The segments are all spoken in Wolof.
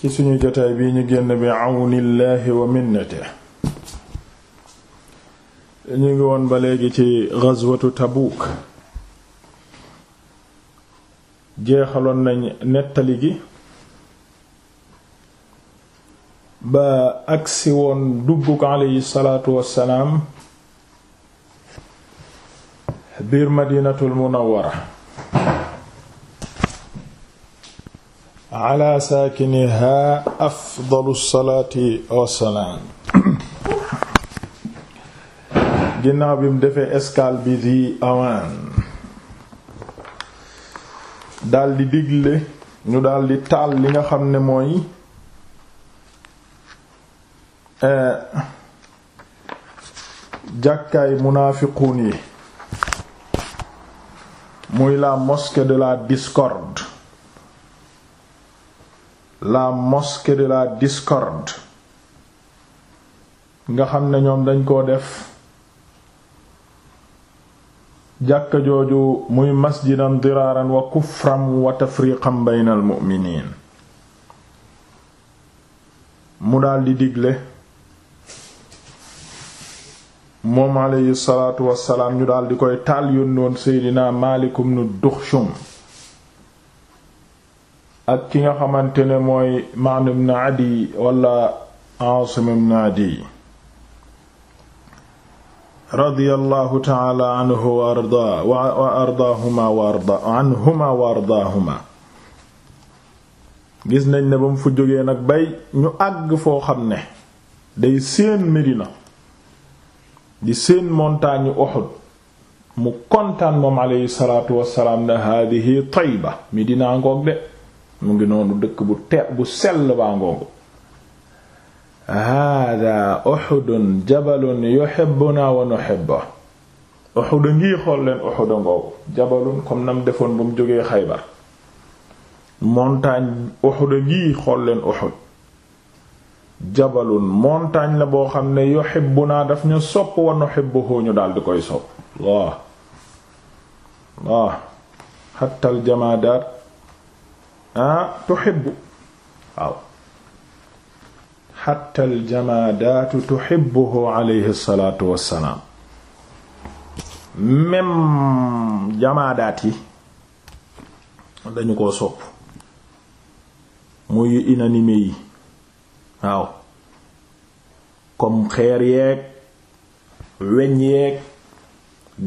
ci suñu jotaay bii ñu génn bi àwnillaahi wa minnate ñu ngi woon ba léegi ci ghazwatu Tabuuk jeexaloon nañ nettali gi ba agsi woon dugguk alayhi salaatu salaam biir madinatul munawwara ala saakiniha afdalu salaati wassalaam ginnaaw bi mu defee escale bi di awaan daldi digle ñu daldi taal li nga xam ne mooy eh, jàkkaay munaafiquun yi muy la mosquée de la discorde la mosquée de la discorde nga xam ne ñoom dañ koo def jàkka jooju muy masjidan diraaran wa kufran wa tafriqan baynal mu'miniin mu daldi digle moom aleyhi salaatu wassalaam ñu daldi koy taal yónnoon seydinaa Maalik ibnu Duxsum ak ki nga xamante ne mooy Ma'n ibn Adi wala Aasim ibn Adi radiyallahu ta'ala anhu wa ardaa wa ardaahuma wa ardaa anhuma wa ardaahuma gis nañ ne ba mu fa jógee nag bay ñu àgg foo xam ne day seen Medina di seen montagne Uhud mu kontaan moom aleyhi salaatu wassalaam ne haadihi Tayba Medina ngoog de mu ngi noonu dëkk bu te bu sell baa ngoongu hàdda uhudun jabalun yuhibbuna wa nuhibbu uhuda ngi xool leen uhuda ngoogu nam defoon bu mu jógee xaybar montagne uhuda ngi xool leen uhud jabalun montagne la boo xam ne yuhibbuna daf ñu sopp wa nuhibbuhu ñu di koy sopp waa waa xatta al ah tuhibbu waaw xatta aljamaadaatu tuhibbuhu alayhi salaatu wassalaam même jamaadaat yi dañu ko sopp muy inanimé yi waaw comme xeer yeeg weñ yeeg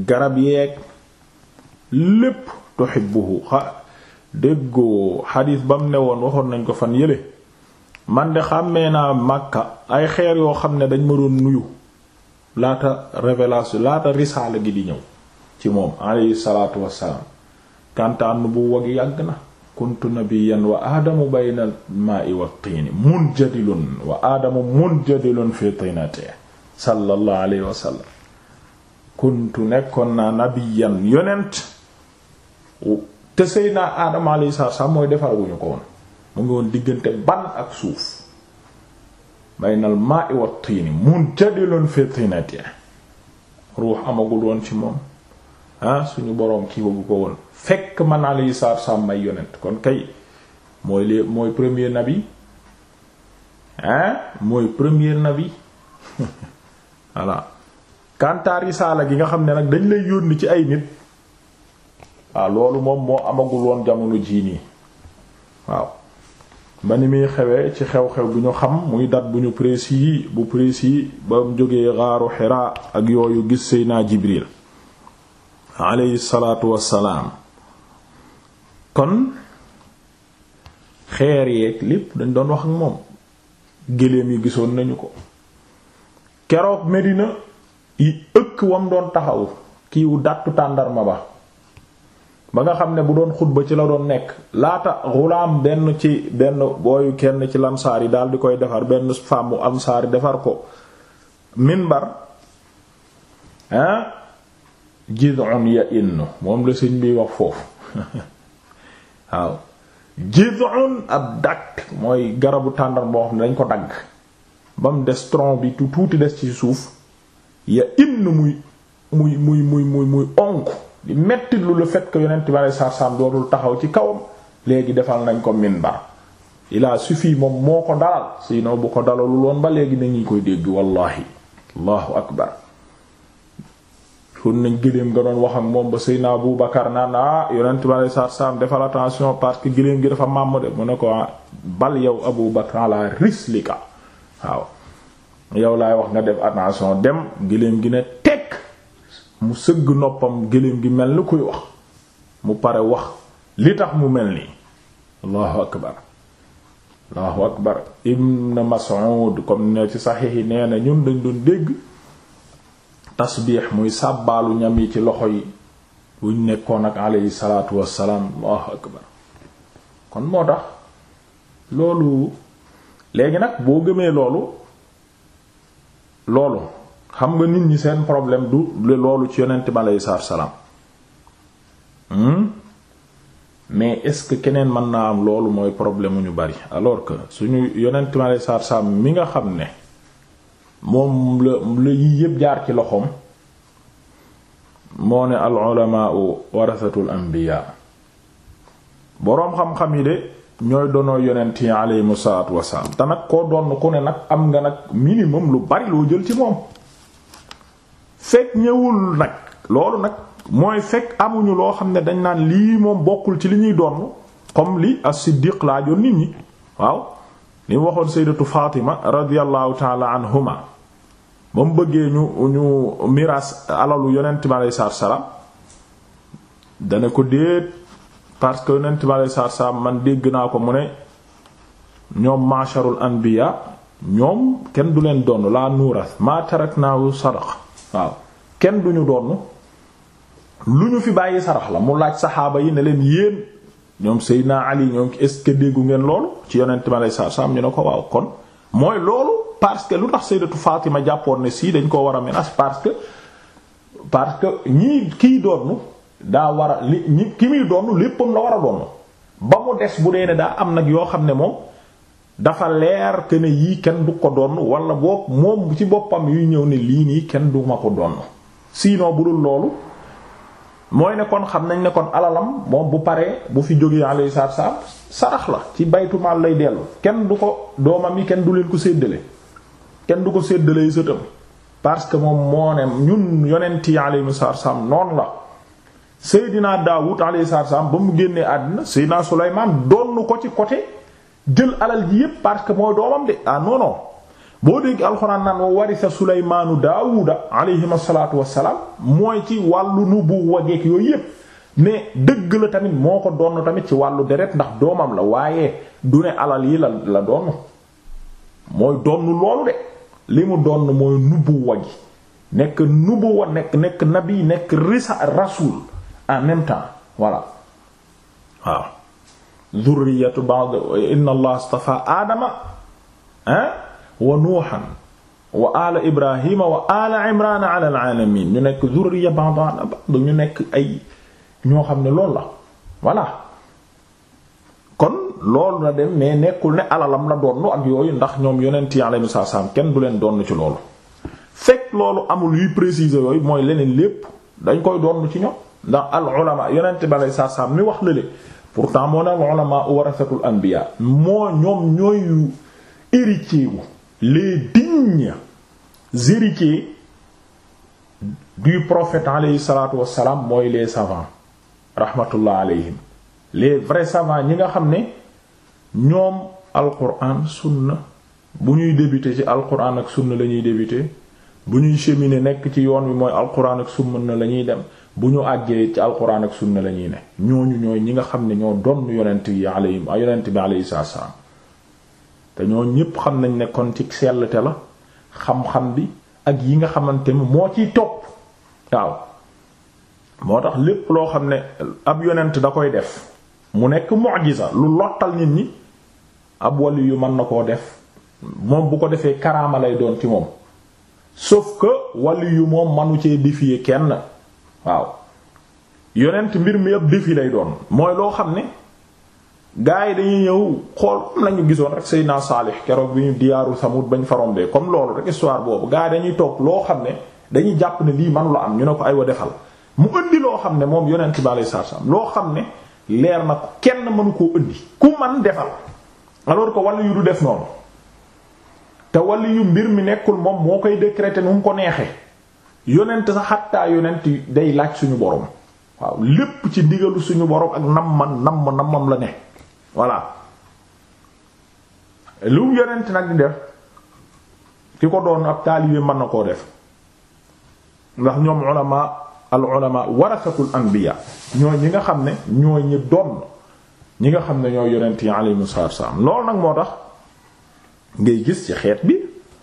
garab yeeg lépp tuhibbuhu xa déggoo xadiis ba mu ne woon waxoon nañ ko fan yële man de xàmmee naa Makka ay xeer yoo xam ne dañ ma doon nuyu laata révélation laata risaala gi di ñëw ci moom alayhi salaatu wassalaam kantaan bu wag yàgg na kuntu nabiyyan wa aadamu bayna al-maa'i wa at-tiini munjadilun wa aadamu munjadilun nekkoon naa nabiyyan yonent te Seydina Adama alayhi salaam mooy defaraguñu ko woon mu ngi woon diggante ban ak suuf baynal maa'i wa tiini munjadilun fi tinati ruux amagul woon ci moom ah suñu boroom kii bëgg ko woon fekk man alayhi salaam may yonent kon kay mooy lee mooy premier nabi ah mooy premier nabi voilà kantaa risaala gi nga xam ne nag dañ lay yónni ci ay nit waaw loolu moom moo amagul woon jamono jii nii waaw ba ni muy xewee ci xew-xew bi ñu xam muy dat bu ñu précis bu précis ba mu jógee xaaru Hira ak yooyu gis Seydina Jibril alayhi salaatu wassalaam kon xeer yeeg lépp dañ doon wax ak moom géléem yi gisoon nañu ko keroog Medina yi ëkk wam doon taxaw kiiwu dàttu tàndarma ba ba nga xam ne bu doon xutba ci la doon nekk laata xulaam benn ci benn booyu kenn ci lansaar yi daal di koy defar benn fàmmu ansaar yi defar ko minbar ah jid'un ya innu moom la sëñ bi wax foofu waaw jid'un ab dagg mooy garabu tàndar boo xam ne dañ ko dagg ba mu des tronc bi tuuti des ci suuf ya inn muy muy muy muy muy muy onk di metti lu le fait que yonent bi alei satu taxaw ci kawam léegi defal nañ ko minbar il a suffi moom moo ko dalal sinon bu ko dalalul woon ba léegi nañu koy dégg wallahi allahu akbar fon nañ gëléem nga doon wax ak moom ba Seydina Abu Bakar naan ah yonent bi alei satu salaam defal attention parce que gëléem gi dafa màmm de mu ne ko ah, bal yow Abu Bakar la rislika waaw yow laay wax nga def attention dem gëléem gi ne mu sëgg noppam gëléem gi mel ni kuy wax mu pare wax li tax mu mel nii allahu akbar allahu akbar ibn Mas'ud comme ne ci saxiix yi nee na ñun dañ doon dégg tasbiix muy sàbbaalu ñam yi ci loxo yi buñ nekkoon ak aleyhi salaatu wassalaam allahu akbar kon moo tax loolu léegi nag boo gëmee loolu loolu xam nga nit ñi seen problème du loolu ci yonent bi aleyhi salaatu salaam hmm? mais est-ce que keneen man naa am loolu mooy problème mu ñu bari alors que suñu yonent bi aleyhi salaam mi nga xam ne moom la la yii yépp jaar ci loxoom moo ne al ulamaa warasatul anbiyaa boroom xam-xam yi de ñooy doonoo yonent yi aleyhimu salaatu wasalaam te nag koo doon ku ne nag am nga nag minimum lu bari loo jël ci moom. fekk ñëwul nag loolu nag mooy fekk amuñu loo xam ne dañ naan lii moom bokkul ci li ñuy doon comme li as-Siddiq laajoon nit ñi waaw li waxoon sayyidatu Fatima radiyallahu ta'ala anhuma ba mu bëggee ñu ñu miraas alalu yonent bi alayhi dana ko déet parce que yonent bi man dégg naa ko mu ne ñoom masharul anbiya ñoom kenn du leen donn laa nuuras ma taraknaahu sadaqa waaw kenn du ñu doon lu ñu fi bàyyi sarax la mu laaj saxaaba yi ne leen yéen ñoom sey naa Ali ñoom est-ce que déggu ngeen loolu ci yonent ma lay saam ñu ne ko waaw kon mooy loolu parce que lu tax Sayyidatu Fatima jàppoon ne sii dañ koo war a menace parce que parce que ñii kiy doon daa war a li ñi ki muy doon léppam la war a doon ba mu des bu dee ne daa am nag yoo xam ne moom. dafa leer que yii kenn du ko donn walla boog moom ci boppam yuy ñëw ni lii nii kenn du ma ko donn sinon bu dul loolu mooy ne xam nañ nekkoon alalam moom bu paree bu fi jógee alayhi salaatu salaam sarax la ci baytu maal lay dellu kenn du ko doomam yi kenn du leen ko séddale kenn du ko séddale yi sëtam parce que moom moo ne ñun yonent yi alayhi salaatu salaam noonu la Seydina Daawud alayhi salaatu salaam ba mu génnee àddina Seydina Sulaymaan donn ko ci côté. jël alal ji yépp parce que mooy doomam de ah non non boo dégg alxuraan naan wa warisa suleymaanu daawuda alayhim asalaatu wassalaam mooy ci wàllu nubuwa geek yooyu yépp mais dëgg la tamit moo ko doon tamit ci wàllu deret ndax doomam la waaye du ne alal yi la la doon mooy doon loolu de li mu doon mooy nubuwa gi nekk nubuwa nekk nekk nabi nekk risa rasul en même waaw dhurriyatu ba'd inna allah astafa aadama ah wa nuuhan wa ala ibrahima wa ñu nekk dhurriya ba'd ba'd ñu nekk ay ñoo xam ne loolu la voilà kon loolu la mais nekkul ne alalam la doonnu ak yooyu ndax ñoom yonent yi alayhi salaam kenn du leen doonn ci loolu fekk loolu amul yuy préciser yooyu mooy leneen lépp dañ koy doonn ci ñoom ndax al ulama yonent bi alayhi salaam mi wax lële pourtant moo ne ulama warasatul anbiya moo ñoom ñooy héritier wu les dignes héritiers du prophète alayhi salatu mooy les savants rahmatullah alayhim les vrais savants ñi nga xam ne ñoom alquran sunna bu ñuy débuter ci alquran ak sunna la ñuy débuter bu ñuy cheminer nekk ci yoon wi mooy alquran ak sunna la ñuy dem bu ñu àggee ci alquran ak sunna la ñuy ne ñooñu ñooy ñi nga xam ne ñoo doon yonent yi alayhim yonent bi alayhi salaam te ñoo ñépp xam nañ nekkoon ci sellte la xam-xam bi ak yi nga xamante ni moo ciy topp waaw moo tax lépp loo xam ne ab yonent da koy def mu nekk mu'jiza lu lottal nit ñi ab wali yu mën na koo def moom bu ko defee karaama lay doon ci moom sauf que wali yu moom manu cee défier kenn waaw yonent mbir mi yëpp défi lay doon mooy loo xam ne gaa yi dañuy ñëw xool am lañu gisoon rek naa Saalix keroog bi ñu diyaaru Samud bañ bee comme loolu rek histoire boobu gaa yi dañuy toog loo xam ne dañuy jàpp ne lii manu la am ñu ne ko ay wa defal mu indi loo xam ne moom yonent bi alayhi salaam loo xam ne leer na ko kenn mënu koo indi ku man defal alors ko wàllu yu du def noonu te wàllu yu mbir mi nekkul moom moo koy décréter nu ko neexee. yonent sa xattaa yonent day laaj suñu borom waaw lépp ci ndigalu suñu borom ak nam man nam namam la ne voilà lu yonent nag di def ki ko doon ab taalibe mën na koo def ndax ñoom ulama al ulama warasatul anbiya ñooy ñi nga xam ne ñooy ñi doon ñi nga xam ne ñooy yonent yi alayhimu salaam loolu nag moo tax ngay gis ci xeet bi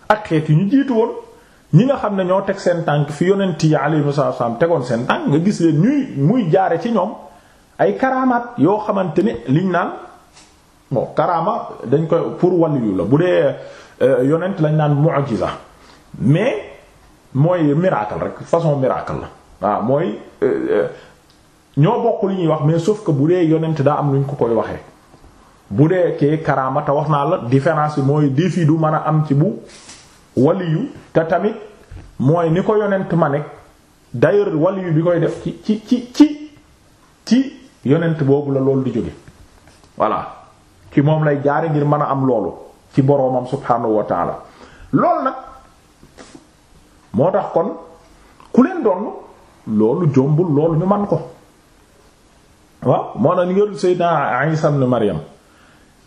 ak xeet yi ñu jiitu woon ñi nga xam ne ñoo teg seen tànk fi yonent yi alayhi salaam tegoon seen tànk nga gis leen ñuy muy jaare ci ñoom ay karamaat yoo xamante ne liñ naan moo karama dañ koy pour waliyu la bu dee euh, yonent lañ naan sax mais mooy miracle rek façon miracle la waaw mooy euh, euh, ñoo bokk li ñuy wax mais sauf ko bu dee yonent daa am lu ñu ko koy waxee bu dee kee karama te wax naa la différence bi mooy défi du man a am ci bu waliyu te tamit mooy ni ko yonent ma nekk d'ailleurs waliyu bi koy def ci ci ci ci ci yonent boobu la loolu di jóge voilà ci moom lay jaare ngir mën a am loolu ci boroomam subhaanahu wa taala loolu nag moo tax kon ku leen doon loolu jombul loolu ñu man ko waaw moo tax ñu ngi Seydina Isa ibn Maryam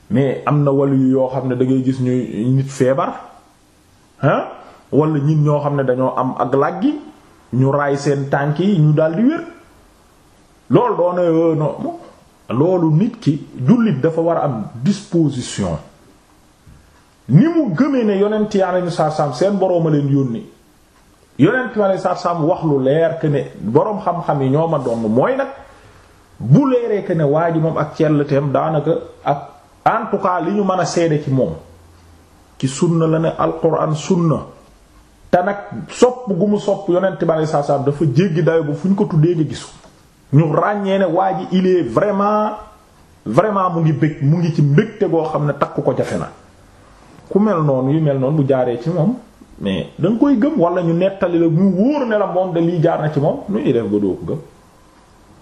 mais am na waliyu yoo xam ne dangay gis ñuy nit feebar ah wala ñin ñoo xam ne dañoo am ak làggi ñu raay seen tànk yi ñu daldi wér loolu doone euh, no loolu nit ki jullit dafa war a am disposition ni mu gëmee ne yonent yàlla ñu sarsam seen boroom a leen yónni yonent yàlla sarsam wax lu leer que boroom xam-xam yi ñoo ma doon mooy nag bu leeree que ne waa ji moom ak celleteem daanaka ak en li ñu mën a seede ci moom ci sunna la ne alquran sunna te nag sopp gu mu sopp yonent bi saa saa dafa jéggi dayo bu fu ñu ko tuddee nga gisu ñu ràññee ne waa ji il est vraiment vraiment mu ngi bëgg mu ngi ci mbégte goo xam ne takk ko jafe na ku mel noonu yu mel noonu bu jaaree ci moom mais da koy gëm wala ñu nettali la mu wóor ne moom de lii jaar na ci moom nu ñuy def ba doo ko gëm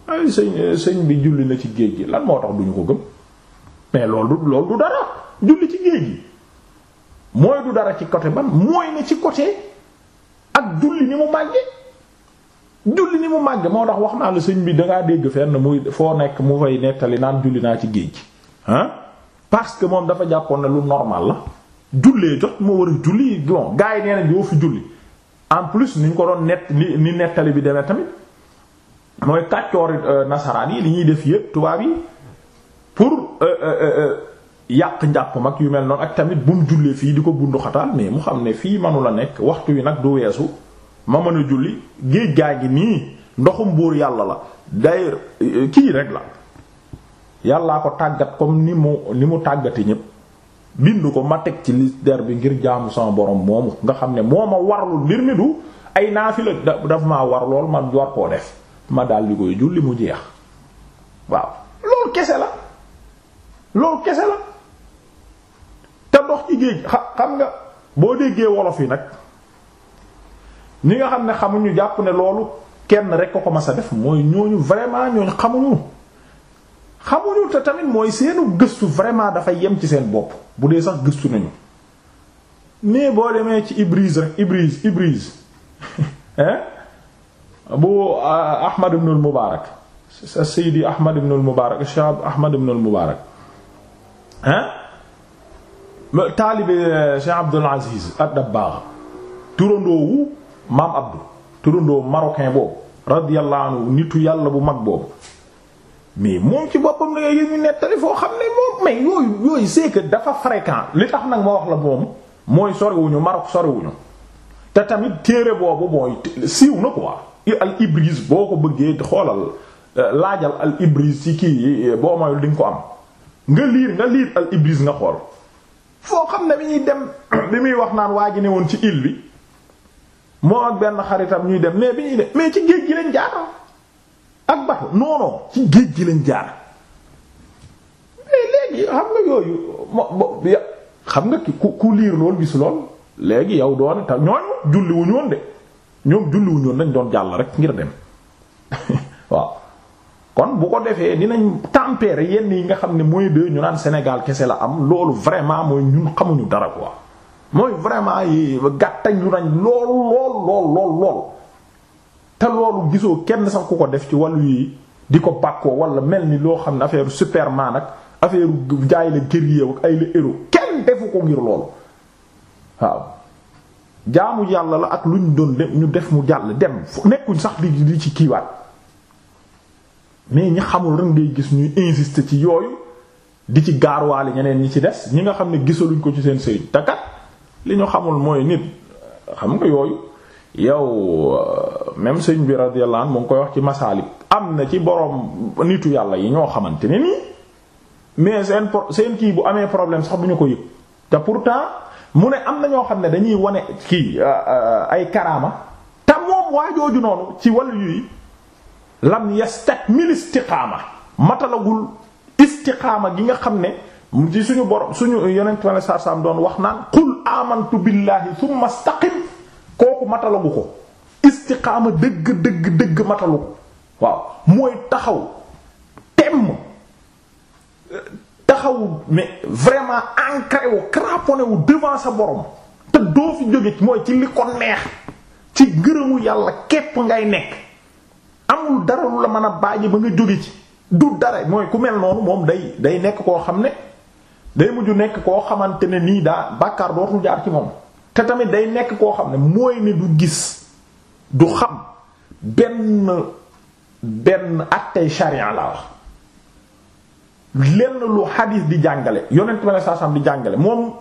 ay sëñ sëñ bi julli na ci géej gi lan moo tax duñu ko gëm mais loolu loolu du mooy du dara ci côté ban mooy ne ci côté ak julli ni mu màgge julli ni mu màgge moo tax wax naa la sëñ bi dangaa dégg fenn muy foo nekk mu fay nettali naan julli naa ci géej ah parce que moom dafa jàppoon ne lu normal la jullee jot moo war a julli bon gars yi nee nañ doo fi julli en plus ni ñu ko doon nett ni ni nettali bi demee tamit mooy kàccoori euh, nasaraan yi li ñuy def yépp tubaab yi pour euh, euh, yàq njàppam mag yu mel noonu ak tamit bu mu jullee fii di ko bundu xataal mais mu xam ne fii manu nekk waxtu wi nag du weesu ma mën a julli géej gaa ngi nii ndoxum buur yàlla la day euh, kii rek la yàllaa ko tàggat comme ni mu ni mu tàggati ñépp bind ko ma teg ci lister bi ngir jaamu sama borom moomu nga xam ne moo ma warlul mbir mi du ay naafila daf maa war lool ma war koo def ma daal koy julli mu jeex waaw loolu kese la loolu kese la dox ci géej xam nga boo déggee wolof yi nag ñi nga xam ne xamuñu jàpp ne loolu kenn rek ko ko mas a def mooy ñooñu vraiment ñooñu xamuñu xamuñu te tamit mooy seenu gëstu vraiment dafa yem ci seen bopp bu dee sax gëstu nañu mais boo demee ci Ibris rek Ibris Ibris hein bu euh, Ahmad ibn al-Mubarak sa Seydi Ahmad ibn al-Mubarak Shahab Ahmad ibn al-Mubarak hein taalibe euh, Cheikh Abdul Aziz ad-Dabbagh turandoowu maam Abdou turandoowu marocain boobu radiyallahu anhu nitu yàlla bu mag boobu mais moom ci boppam da ne moom yooyu yooyu c'est dafa fréquent li tax nag ma wax la moom mooy sorewuñu Maroc sorewuñu te tamit téere boobu mooy siiw na quoi al Ibriz boo ko bëggee xoolal euh, laajal al Ibriz ci kii boo mayul di ko am nga liir nga liir al Ibriz nga xool. foo xam ne bi ñuy dem bi muy wax naan waa ji ne woon ci île bi moo ak benn xaritam ñuy dem mais bi ñuy dem mais ci géej gi lañ jaar ak bato non ci géej gi lañ jaar mais léegi xam nga yooyu mo xam nga ki ku ku liir lool gis lool léegi yow doon te ñooñu julli wu ñoon de ñoom julli dañ doon jàll rek ngir dem waaw kon bu ko defee dinañ tempérer yenn yi nga xam ne mooy de ñu naan senegal kese la am loolu vraiment mooy ñun xamuñu dara quoi mooy vraiment yi gàttañ lu nañ lool lool lool te loolu gisoo kenn sax ku ko def ci wàllu yi di ko bàkkoo wala mel ni loo xam ne affaire superman nag affaire jaay la guerrier ak ay la héros kenn defu ko ngir loolu waaw jaamu yàlla la ak luñ doon ñu def mu jàll dem nekkuñ sax di di ci kiiwaat mais ñi xamul rek ngay gis ñuy insister ci yooyu di ci gaarwaale ñeneen ñi ci des ñi nga xam ne gisaluñ ko ci seen sëy te li ñu xamul mooy nit xam nga yooyu yow euh, même sëñ bi radiyallahu anhu mu ngi koy wax ci masaalib am na ci borom nitu yàlla yi ñoo xamante ne nii mais seen seen kii bu amee problème sax bu ñu ko yëg te pourtant mu ne am na ñoo xam ne dañuy wane kii euh, euh, ay karaama te moom waajooju noonu ci wàllu yi lam yastakmil istiqaama matalagul istiqaama gi nga xam ne mu ci suñu borom suñu yonent ma ne sarsam doon wax naan qul amantu billahi thumma istaqim kooku matalagu ko istiqaama dëgg dëgg dëgg matalu ko waaw mooy taxaw temm taxaw mais vraiment ancré wu cramponné wu devant sa borom te doo fi jóge mooy ci li ko neex ci ngërëmu yàlla képp ngay nekk amul dara lu la mën a bàyyi ba nga jóge ci du dara mooy ku mel noonu moom day day nekk koo xam ne day mujj nekk koo xamante ne nii daa bàkkaar dootul jaar ci moom te tamit day nekk koo xam ne mooy ne du gis du xam benn benn attey sharia laa wax lenn lu xadiis di jàngale yonent ma ne saa sam di jàngale moom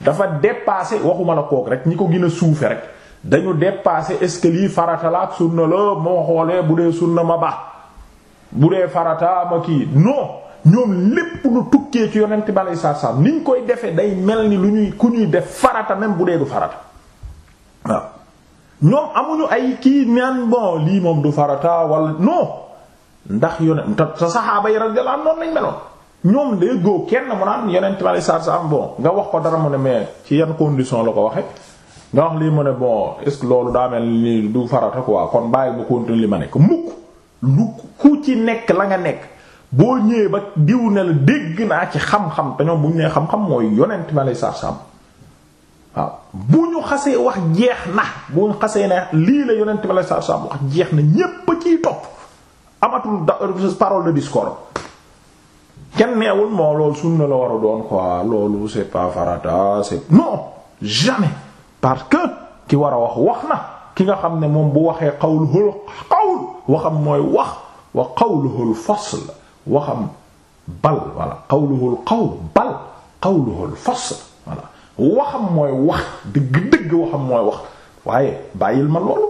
dafa dépassé waxuma la kook rek ñi ko gin a suufe rek dañu dépassé est-ce que lii farata la ak sunna la moo xoolee bu dee sunna ma ba bu dee farata ma kii non ñoom lépp lu tukkee ci yonent bi sa salaatu salaam niñ koy defee day mel ni lu ñuy ku ñuy def farata même bu dee du farata waaw ñoom amuñu ay kii naan bon lii moom du farata wala non ndax yonent sa saxaaba yi radiyallahu anhum noonu lañ meloon. ñoom day góo kenn mu a am bi aleyhi salaatu salaam bon nga wax ko dara mu ne mais ci yan condition la ko waxe nga wax lii mu ne bon est loolu daa mel ni du farata quoi kon bàyyi bu continuer li ma nekk mukk lu ku ci nekk la nga nekk boo ñëwee ba diw ne la dégg naa ci xam-xam te ñoom bu ñu nee xam-xam mooy yonent ma lay sarsam waaw bu ñu xasee wax jeex na bu ñu xasee ne lii la yonent ma lay sarsam wax jeex na ñépp a ciy topp amatul da parole de discorde kenn neewul moo loolu sunna la war a doon quoi loolu c'est pas farata c'est non jamais parce que ki war a wax wax na ki nga xam ne moom bu waxee qawluhul qawl waxam mooy wax wax qawluhul fasl waxam bal walla qawluhul qawl fasl waxam mooy wax dëgg-dëgg waxam mooy wax waaye bàyyil ma loolu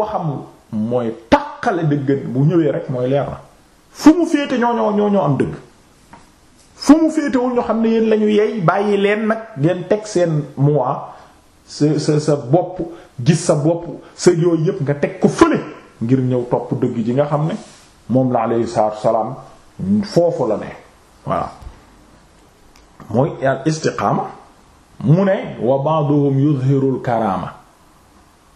waxam mooy takkale dëgg bu ñëwee rek mooy leer na fu mu féete ñoo ñoo ñoo ñoo am dëgg fu mu féetewul ñoo xam ne yéen lañu yeey bàyyi leen nag ngeen teg seen mois sa sa sa bopp gis sa bopp sa yooyu yépp nga teg ko fële ngir ñëw topp dëgg ji nga xam ne moom la aleyhi salaatu salaam foofu la ne voilà mooy al istiqaama mu ne wa yuzhirul karama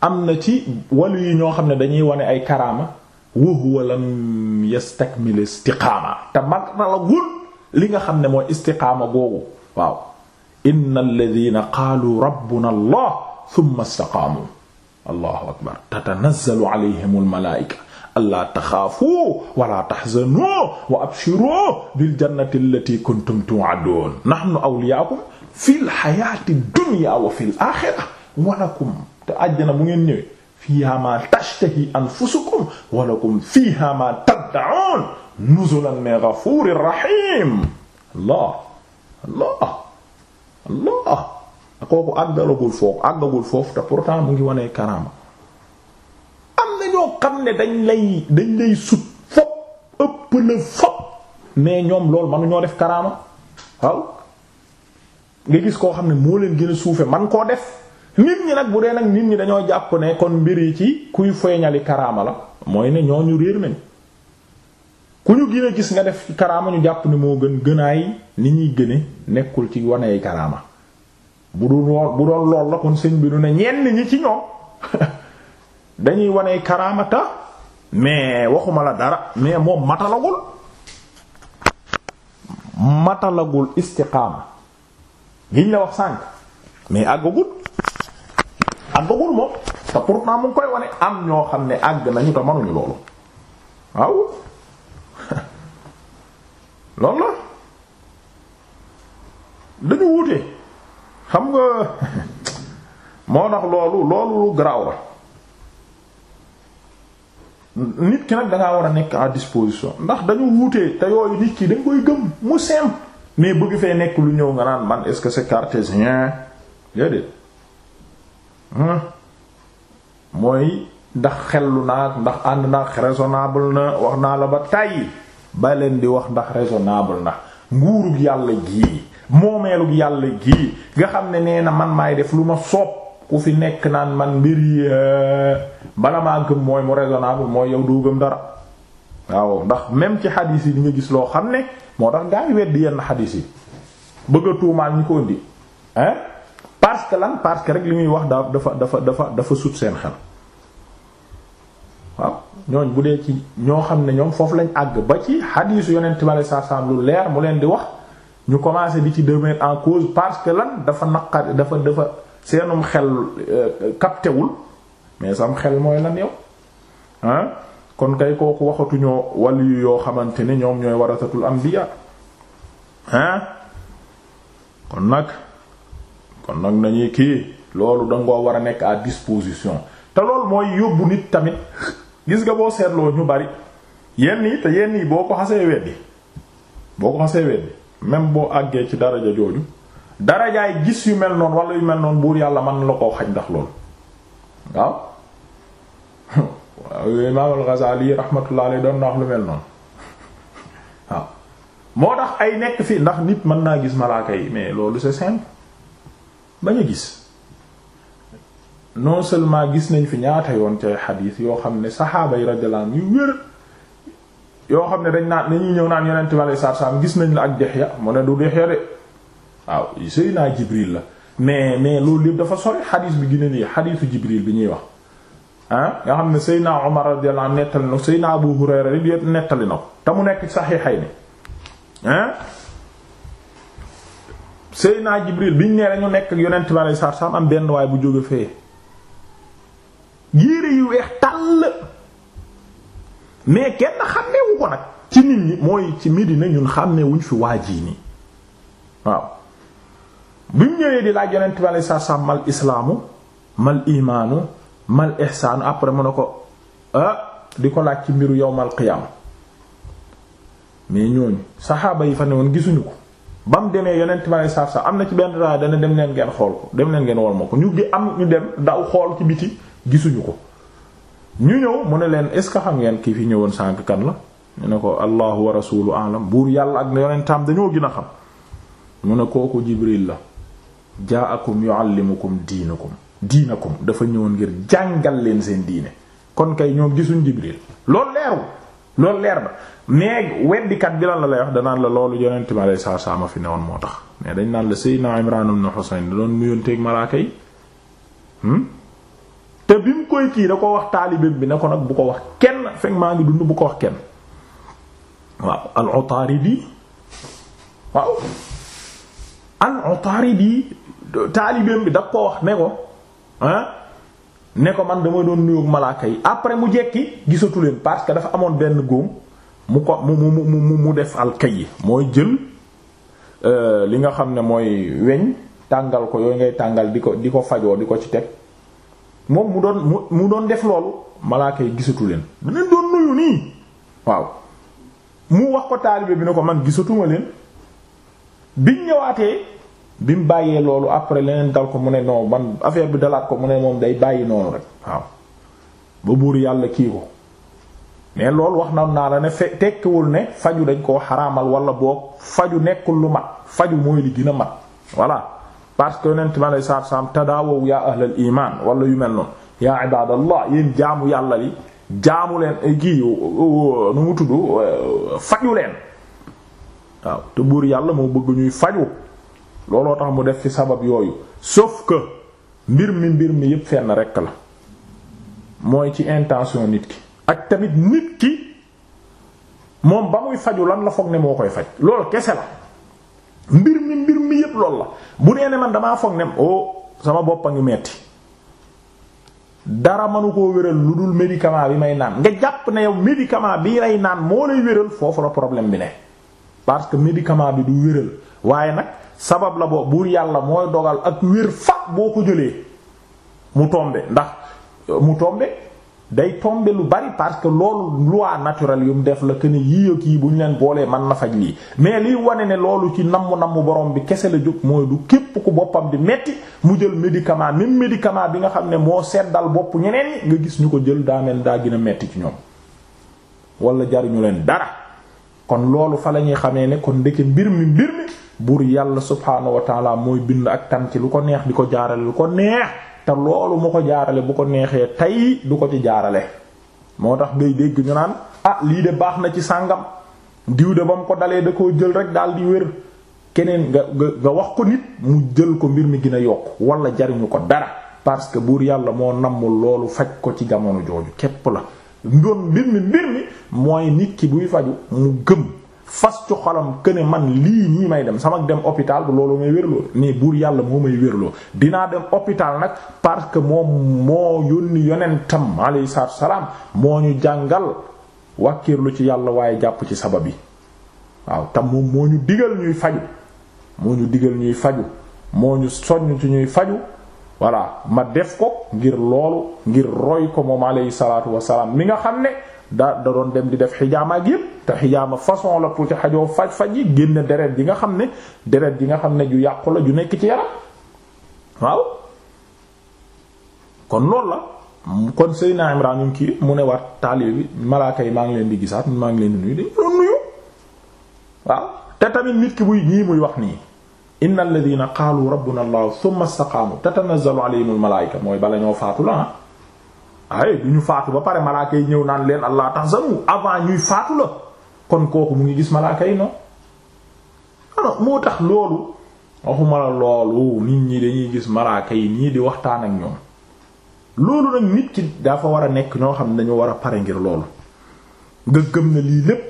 am na ci walu yi ñoo xam ne dañuy wane ay karama wa huwa lam yastakmil istiqaama te mag la gul li nga xam ne mooy istiqaama boobu waaw inna alladhina qaalu rabbuna allah thumma istaqaamu allahu akbar tatanazzalu alayhim almalaa'ika allaa taxaafuu wala taxzanuu wa abshiruu biljannati allati kuntum tuu'aduun nahnu awliyaa'ukum fil hayaati dunya wa fil aaxira wa lakum te àjjana bu ngeen ñëwee fiihaa maa tashtahi anfusukum wa lakum fiihaa maa tad'uun nuzulan min ghafuurin rahiim allah allah allah kooku àggalagul foofu àggagul foofu te pourtant mu ngi wanee karaama am na ñoo xam ne dañ lay dañ lay sut fop ëpp la fop mais ñoom loolu manu ñoo def karaama waaw nga gis koo xam ne moo leen gën a suufe man koo def nit ñi nag bu dee nag nit ñi dañoo jàpp ne kon mbir yi ci kuy feeñali karaama la mooy ne ñu réer nañ ku ñu gën a gis nga def karaama ñu jàpp ni moo gën gënaay ni ñuy gëne nekkul ci waney karaama bu dul bu doon lool la kon sëñ bi du ñenn ñi ci ñoom dañuy waney karaama mais waxuma la dara mais moom matalagul matalagul istiqaama liñ la wax sànk mais àggagul àggagul moom te pourtant mu ngi koy wane am ñoo xam ne àgg nañu te manuñu loolu waaw loolu la dañu wuute xam nga moo tax loolu loolu garaaw la nit ki nag dangaa war a nekk à disposition ndax dañu wuute te yooyu nit ki dañ koy gëm mu simple mais bëgg fee nekk lu ñëw nga naan man est-ce que c'est cartésien déedéet mooy ndax xellu naa ndax ànd na raisonnable na wax naa la ba tàyyi ba leen di wax ndax raisonnable na nguurug yàlla gii moomeelug yàlla gii nga xam ne nee na man maay def lu ma soob ku fi nekk naan man mbir yi eh, bala maa gëm mooy mu raisonnable mooy yow doo gëm dara waaw ndax même ci xadiis yi di nga gis loo xam ne moo tax gaa yi weddi yenn xadiis yi bëgg a ñu ko indi hein parce que lan parce rek li muy wax dafa dafa dafa dafa sut seen xel ñooñ bu dee ci ñoo xam ne ñoom foofu lañu àgg ba ci xadiisu yonent bi alayhi salaam lu leer mu leen di wax ñu commencé bi ci demee en cause parce que lan dafa naqar dafa defa seenum xel euh, captewul mais sam xel mooy lan yow ah kon kay kooku waxatuñoo waliyu yoo xamante ne ñoom ñooy warasatul anbiya ah kon nag kon nag nañuy kii loolu dangoo war a nekk à disposition te loolu mooy yóbbu nit tamit gis nga boo seetloo ñu bari yenn yi te yenn yi boo ko xasee weddi boo ko xasee weddi même boo àggee ci daraja jooju darajaay gis yu mel noon wala yu mel noon buur yàlla man la koo xaj ndax loolu waaw waaw imaam al-Ghazali rahmatullahi alayhi doon na lu mel noonu waaw moo tax ay nekk fii ndax nit mën naa gis malaaka yi mais loolu c'est simple bañ a gis non seulement gis nañ fi ñaata yoon cay xadiis yoo xam ne saxaaba yi radiyallahu anhu yu wér yoo xam ne dañ naan dañuy ñëw naan yonent bi alayhi salaatu gis nañ la ak Dihya mu ne du Dihya de waaw sëy Jibril la mais mais loolu lépp dafa sori xadiis bi gën nii xadiisu Jibril bi ñuy wax ah nga xam ne Seydina Omar radiyallahu anhu nettali na Seydina Abu Hurayra yi yépp nettali na te mu nekk saxiixay ni ah Seydina Jibril ñu nee dañu nekk ak yonent bi alayhi salaatu am benn waay bu jóge fee yére yu weex tàll mais kenn xàmmewu ko nag ci nit ñi mooy ci Medina ñun xàmmewuñ fi waa ji nii waaw bi mu ñëwee di laaj yonent bi alayhi salaam mal islaamu mal imaanu mal ihsaanu après mu ne ko ah di ko laaj ci mbiru yowmal qiyaama mais ñooñu saxaaba yi fa ne woon gisuñu ko ba mu demee yonent bi alayhi salaam am na ci benn raadu dana dem leen ngeen xool ko dem leen ngeen wol ma ko ñu gi am ñu dem daw xool ci biti gisuñu ko ñu ñëw mu ne leen est ce que xam ngeen kii fi ñëwoon sànq kan la ñu ne ko allahu wa rasulu alam buur yàlla ak yonentam dañoo gën a xam mu ne kooku jibril la jaakum yuallimukum diinakum diinakum dafa ñëwoon ngir jàngal leen seen diine kon kay ñoom gisuñ jibril loolu leeru loolu leer ba mais weddikat bi lan la lay wax danaan la loolu yonent mi alay saa saa ma fi newoon moo tax mais dañ naan la Seydina Imran ibn Husayn da doon nuyonteeg te bi mu koy kii da ko wax taalibeem bi ne ko nag bu ko wax kenn fekk maa ngi dund bu ko wax kenn waaw al-Utaridi waaw al-Utaridi taalibeem bi daf ko wax ne ko ah ne ko man dama doon nuyoog malaaka yi après mu jekki gisatu leen parce que dafa amoon benn góom mu ko mu mu mu mu def alkay yi mooy jël euh, li nga xam ne mooy weñ tàngal ko yooyu ngay tàngal di ko di ko fajoo di ko ci teg moom mu doon mu mu doon def loolu malaaka yi gisatu leen da leen doon nuyu nii waaw mu wax ko taalibe bi ne ko man gisatuma leen biñ ñëwaatee bi mu bàyyee loolu après leneen dal ko mu ne non man affaire bi dalaat ko mu ne moom day bàyyi noonu rek waaw ba buur yàlla kii ko mais loolu wax na naa la ne fe tekkiwul ne faju dañ koo xaraamal wala boo faju nekkul lu mat faju mooy li gën mat voilà parce que yonent bi alei saatu salaam tadaawow yaa ahlal iman wala yu mel noonu yaa ibadallah yéen jaamu yàlla li jaamu leen gi nu mu tudd faju leen waaw te buur yàlla moo bëgg ñuy faju looloo tax mu def fi sabab yooyu sauf que mbir mi mbir mi yépp fenn rekk la mooy ci intention nit ki ak tamit nit ki moom ba muy faju lan la foog ne moo koy faj loolu kese la mbir mi mi yépp lool la bu dee ne man damaa foog ne oh sama bopp a ngi metti dara mënu koo wéral lu dul médicament bi may naan nga jàpp ne yow médicament bi lay naan moo lay wéral foofu la problème bi ne parce que médicament bi du wéral waaye nag sabab la boo buur yàlla mooy dogal ak wér fa boo ko jëlee mu tombe ndax mu tombe day tombe lu bari parce que loolu loi naturelle yum def la que ne yii ak yii bu ñu leen boolee man na faj lii mais lii wane ne loolu ci namm namm borom bi kese la jóg mooy du képp ku boppam di metti mu jël médicament même médicament bi nga xam ne moo seddal bopp ñeneen ñi nga gis ñu ko jël daa mel daa gën metti ci ñoom wala jariñu leen dara kon loolu fa la ñuy xamee ne kon ndeke mbir mi mbir mi buur yàlla subhaanahu wa taala mooy bind ak tam ci lu ko neex di ko jaarale lu ko neex te loolu mu ko jaarale bu ko neexee tey du ko ci jaarale moo tax ngay dégg ñu naan ah lii de baax na ci sàngam diw de ba mu ko dalee da koo jël rek daal di wér keneen nga nga wax ko nit mu jël ko mbir mi gina a yokk wala jariñu ko dara parce que buur yàlla moo nammul loolu faj ko ci jamono jooju képp la doon mbir mi mbir mi mooy nit ki buy faju mu gëm fas ci xolam que man lii nii may dem sama dem hôpital bu loolu may wérloo nii buur yàlla moo may wérloo dinaa dem hôpital nag parce que moom moo yónni yonentam alayhi salaam moo ñu jàngal wàkkirlu ci yàlla waaye jàpp ci sabab yi waaw tam moom moo ñu digal ñuy faju moo ñu digal ñuy faju moo ñu soññ ci ñuy faju voilà ma def ko ngir loolu ngir roy ko moom alayhi salaatu wasalaam mi nga xam ne da da doon dem di def xijaama ak yépp te xijaama façon la pour ci xajoo faj faj yi génn deret ji nga xam ne deret ji nga xam ne ju yàqu la ju nekk ci yaram waaw kon loolu la kon Seydina Imraan ñu kii mu ne war taalibe malaaka yi maa ngi leen di gisaat maa ngi leen di nuyu dañ doon nuyu waaw te tamit nit ki buy ñii muy wax nii inna alladhina qaalu rabbuna allah thumma istaqaamu tatanazzalu alayhimul malaa'ika mooy bala ñoo faatu la ah. ay du ñu faatu ba pare malaaka yi ñëw naan leen allah tahzanu avant ñuy faatu la kon kooku mu ngi gis malaaka yi non non moo tax loolu waxuma la loolu nit ñi dañuy gis malaaka yi ñii di waxtaan ak ñoom loolu nag nit ki dafa war a nekk ñoo xam ne dañu war a pare ngir loolu nga gëm na lii lépp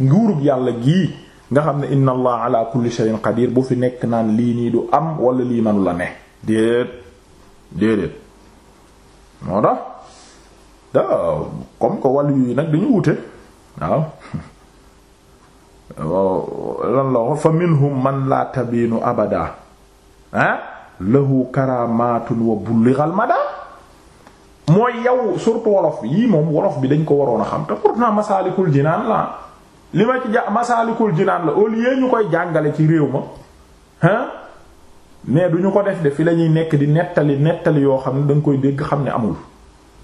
nguurug yàlla gii nga xam ne inna allah ala kulli shay'in qadir bu fi nekk naan lii nii du am wala lii manu la ne déedéet déedéet moo tax da comme que wàllu yi nag dañu wute waaw lan la wax fa minhum man la tabiinu abada ah lahu karamatun wa ma mada mooy yow surtout wolof bi yii moom wolof bi dañ ko waroon a xam te pourtant masaalikul jinaan la li ma ci ja masaalikul jinaan la au lieu ñu koy jàngale ci réew ma ah mais duñu ko def de fi la ñuy nekk di nettali nettali yoo xam ne dañ koy dégg xam ne amul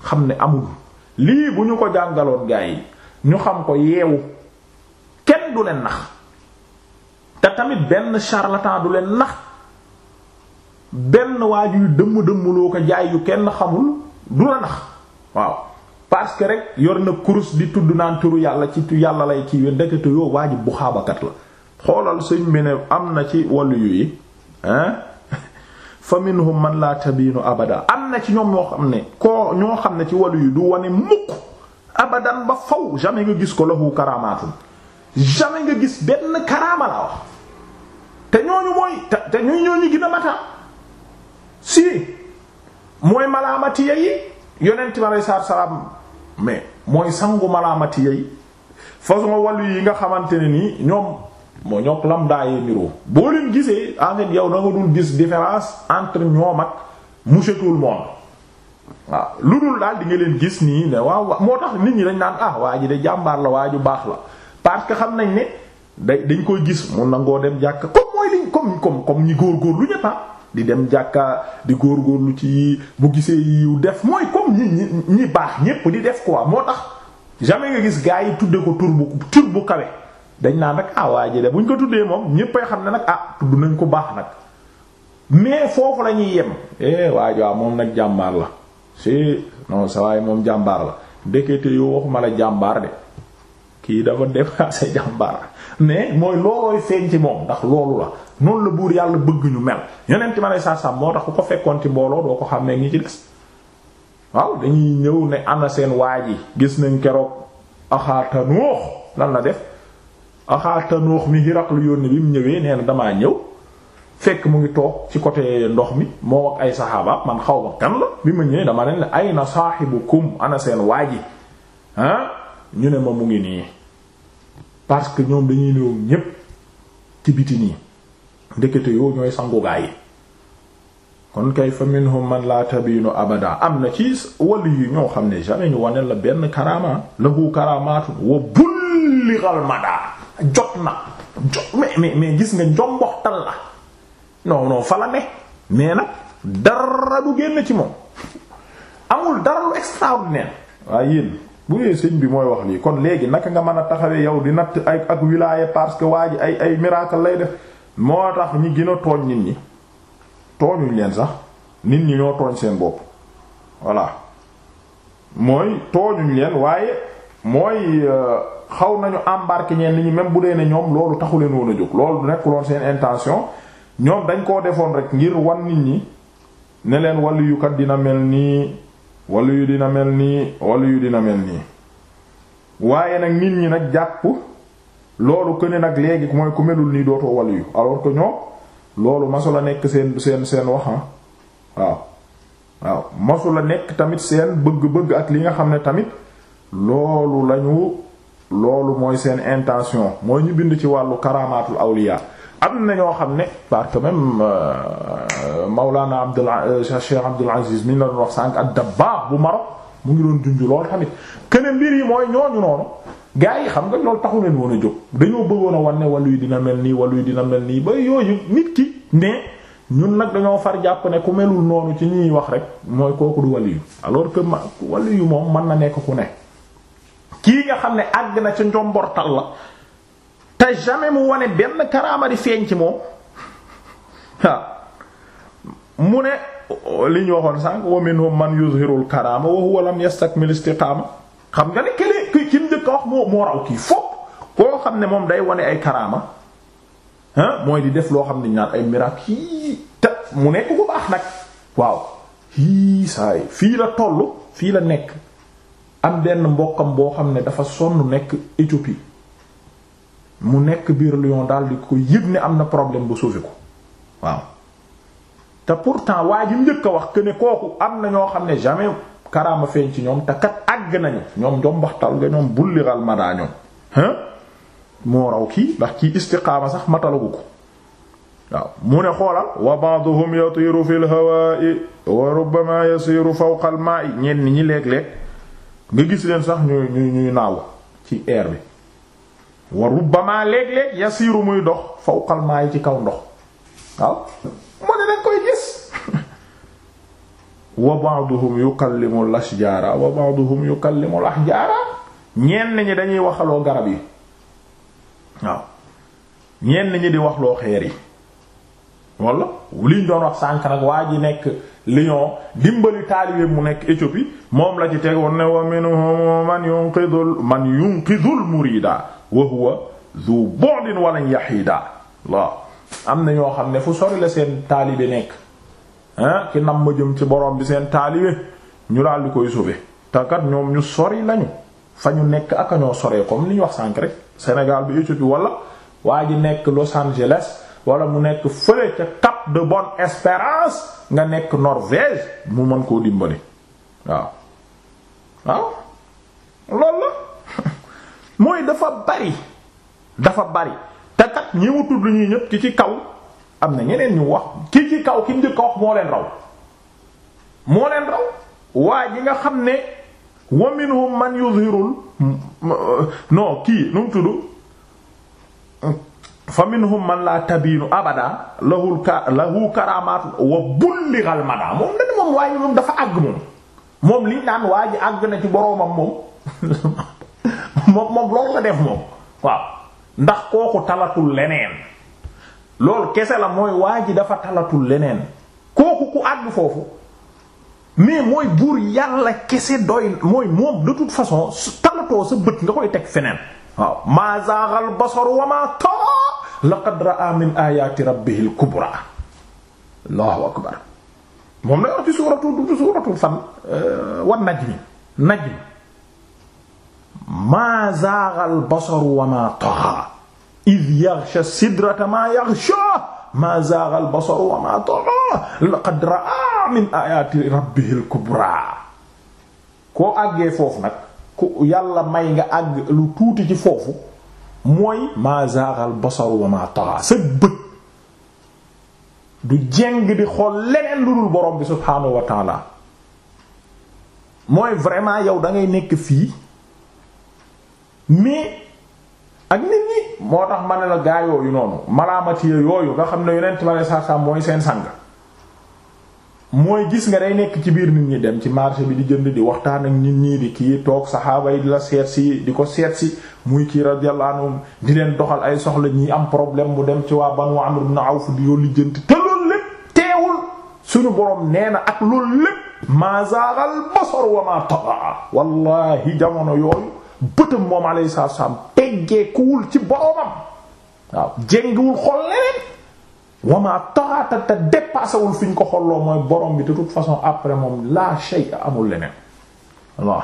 xam ne amul lii bu ñu ko jàngaloon gaa yi ñu xam ko yeewu kenn du leen nax te tamit benn charlatan du leen nax benn waa yu dëmm dëmm ko jaay yu kenn xamul du la nax waaw parce que rek yor na kurus di tudd naan turu yàlla ci yàlla lay kii we ndekete yoo waa bu xaabakat la xoolal sëñ bi ne am na ci wàllu yu yi hein fa minhum man laa tabiinu abada am na ci ñoom moo xam ne koo ñoo xam ne ci walu yi du wane mukk abadan ba faw jamais nga gis ko lahu karaamaatun jamais nga gis benn karaama laa wax te ñooñu mooy te te ñuy ñooñu gën a mata si mooy malaamati yi yonent bi alei salaam mais mooy sangu malaamati yi façon wàllu yi nga xamante ne nii ñoom moo ñook lambda yee niroo boo leen gisee en yow da nga dul gis différence entre ñoom ak monsieur tout le monde waaw lu dul daal di nga leen gis nii ne waaw moo tax nit ñi dañ naan ah waa ji de jàmbaar la waa baax la parce que xam nañ ne da dañ koy gis mun na ngoo dem jàkka comme mooy liñ comme comme comme ñi góorgóorlu ñëpp ah di dem jàkka di góor góor góorgóorlu ci bu gisee yu def mooy comme ñi ñi baax ñépp di def quoi moo tax jamais nga gis gaa yi tudde ko tur bu bu kawe. dañ naan rek ah waa ji de buñ ko tuddee moom ñéppay xam ne nag ah tudd nañ ko baax nag mais foofu la ñuy yem eh waa waaw moom nag jàmbaar la si non sa moom jàmbaar la ndekete yoo waxuma la jàmbaar de kii dafa def dépassé jàmbaar mais mooy loolooy feeñ ci moom ndax loolu la noonu la buur yàlla bëgg ñu mel yeneen ma ne saa saa moo tax ku ko fekkoon ci mbooloo doo ko xam ne ñi ci des waaw dañuy ñëw ne ana seen waa yi gis nañ keroog axaatanuux lan la def. axaata noox mi Hiraqlu yónni bi mu ñëwee nee na damaa ñëw fekk mu ngi toog ci côté ndox mi moo ak ay saxaaba man xaw ma kan la bi ma ñëwee dama leen ne ay na saaxibukum ana seen waa ji ah ñu ne ma mu ngi nii parce que ñoom dañuy néew ñépp ci biti nii ndekete yoo ñooy sangugaay yi kon kay fa minhum man la tabinu abada am na ci wàllu yu ñoo xam ne jamais ñu la benn karama lahu karamatun wa bullighal mada jot na jot mais mais mais gis nga njomboxtal la non non fa mais nag dara du génn ci moom amul dara lu extraordinaire waaye yéen bu dee sëñ bi mooy wax lii kon léegi naka nga mën a taxawee yow di natt ay ak wilaya parce que waa ji ay ay miracle lay def moo tax ñi gën a tooñ nit ñi tooñuñ leen sax nit ñi ñoo tooñ seen bopp voilà mooy tooñuñ leen waaye. mooy euh, xaw nañu embarqué ñeen ñi même bu dee ne ñoom loolu taxu leen woon a jóg loolu nekkuloon seen intention ñoom dañ koo defoon rek ngir wan nit ñi ne leen wàllu yu kat dina mel nii wàllu yu dina mel nii wàllu yu dina mel nii waaye nag nit ñi nag jàpp loolu que ne nag léegi mooy ku melul nii dootoo wàllu yu alors que ñoom loolu masula nekk seen seen seen wax ah. waaw waaw masula nekk tamit seen bëgg-bëgg ak li nga xam ne tamit. loolu lañu loolu mooy seen intention mooy ñu bind ci wàllu karamatul awliya am na ñoo xam ne parce que même euh, Maulana Abdul euh, Cheikh Abdul Aziz mi la doon wax sànq ak Dabbaag bu Maroc mu ngi doon junj lool tamit keneen mbir yi mooy ñooñu noonu gars yi xam nga lool taxu leen woon a jóg dañoo bëggoon a wan ne wàllu yi dina mel nii wàllu yi dina mel nii ba yooyu nit ki ne ñun nag dañoo far jàpp ne ku melul noonu ci ñuy wax rek mooy kooku du wàllu yi alors que mën na nekk ku ne. kii nga xam ne àgg na ca njombortal la te jamais mu wane benn karaama di feeñ ci moom mu ne li ñu waxoon sànq wa minhum man yuzhirul karaama wa huwa lam yastakmil istiqaama xam nga ne kelee ki mu koo xam ne moom day wane ay karaama ah def loo xam ne ñaan ay miracle yii mu nekk ku baax nag waaw hii saay fii la toll fii la nekk am benn mbokkam boo xam ne dafa sonn nekk Éthiopie mu nekk biir Lyon daal di ko yëg ne am na problème bu sauvé ko waaw te pourtant waa ji njëkk wax que kooku am na ñoo xam ne jamais karaama feeñ ci ñoom te kat àgg nañu ñoom njombaxtal nga ñoom bulliral ma daa ñoom hein moo raw kii ndax kii istiqaama sax matalagu ko waaw mu ne xoolal wa ba'dhum yatiru fil hawa'i wa rubbama yasiru fawqa al ma'i ñenn ñi léeg-léeg nga gis leen sax ñuy ñuy ñuy naaw ci air bi wa rubbama léeg-léeg yasiiru muy dox fawqal maayi ci kaw ndox waaw mu ne dañ koy gis wa ba'duhum yukallimu al-ashjara wa ba'duhum yukallimu al-ahjara ñenn ñi dañuy waxaloo garab yi waaw ñenn ñi di waxloo xeer yi walla liñ doon wax sànk nag waa ji nekk lion dimbali taalibe mu nekk Éthiopie moom la ci tegoon ne wa minhum man yunqidul man yunqidul murida wa huwa zu bu'din walan yahida waaw am na ñoo xam ne fu sori la seen taalibe nekk ah ki nam ma jëm ci borom bi seen taalibe ñu daal di koy sauver takat ñoom ñu sori lañu fa ñu nekk ak ñoo soree comme li ñu wax sànk rek Sénégal bi Éthiopie walla waa ji nekk Los Angeles wala mu nekk fële ca Cap de Bonne-Espérance nga nekk Norvège mu mën koo dimbali waaw waaw loolu mooy dafa bari dafa bari te kat ñi mu tudd ñi ñëpp ki ci kaw am na ñeneen ñu wax ki ci kaw ki njëkk a wax moo leen raw moo leen raw waa ji nga xam ne wa minhum man yuzhirul non kii nu mu tudd fa minhum man laa tabiinu abada lahu lahu karamaat wa bulligal mada moom dañu moom waa ji moom dafa àgg moom moom liñ naan waa ji àgg na ci boroomam moom moom moom loolu def moom waaw ndax kooku talatul leneen loolu kese la mooy waa ji dafa talatul leneen kooku ku àgg foofu mais mooy buur yàlla kese doy mooy moom de toute façon talatoo sa bët nga koy teg feneen waaw ma zaaxal basaru wa laqad ra'a min ayati rabbihil kubra allahu akbar moom lay wax ci suuratu du suuratu fan euh, wan najmi najmi maa zaaxal basaru wa maa taxa id yaxsha sidrata maa yaxsha maa zaaxal basaru wa maa taxa laqad ra'a min ayaati rabbihil kubra koo àggee foofu nag ku yàlla may nga àgg lu tuuti ci foofu mooy ma zaaxal basaru wa maa taxa sa bët du jeng di xool leneen lu dul borom bi subhaanahu wa taala mooy vraiment yow dangay nekk fii mais ak nit ñi moo tax ma ne la gaayooyu noonu malaamatiya yooyu nga xam ne yonent ma ne saa saa mooy seen sàng mooy gis nga day nekk ci biir nit ñi dem ci marché bi di jënd di waxtaan ak nit ñii di kii toog saxaaba yi di la seet si di ko seet si muy kii radiyallahu anhum di leen doxal ay soxla ñi am problème bu dem ci waa Banu Amr ibn Awf di yoo lijjanti te loolu lépp teewul suñu borom nee na ak loolu lépp ma zaagal basar wa tabaa wallahi jamono yooyu bëtam moom alayhi salaam teggeekuwul ci boromam waaw jéngiwul xol leneen wama taxaata te dépassé wul fi ñu ko xolloo mooy borom bi de toute façon après moom la shay amul leneen waaw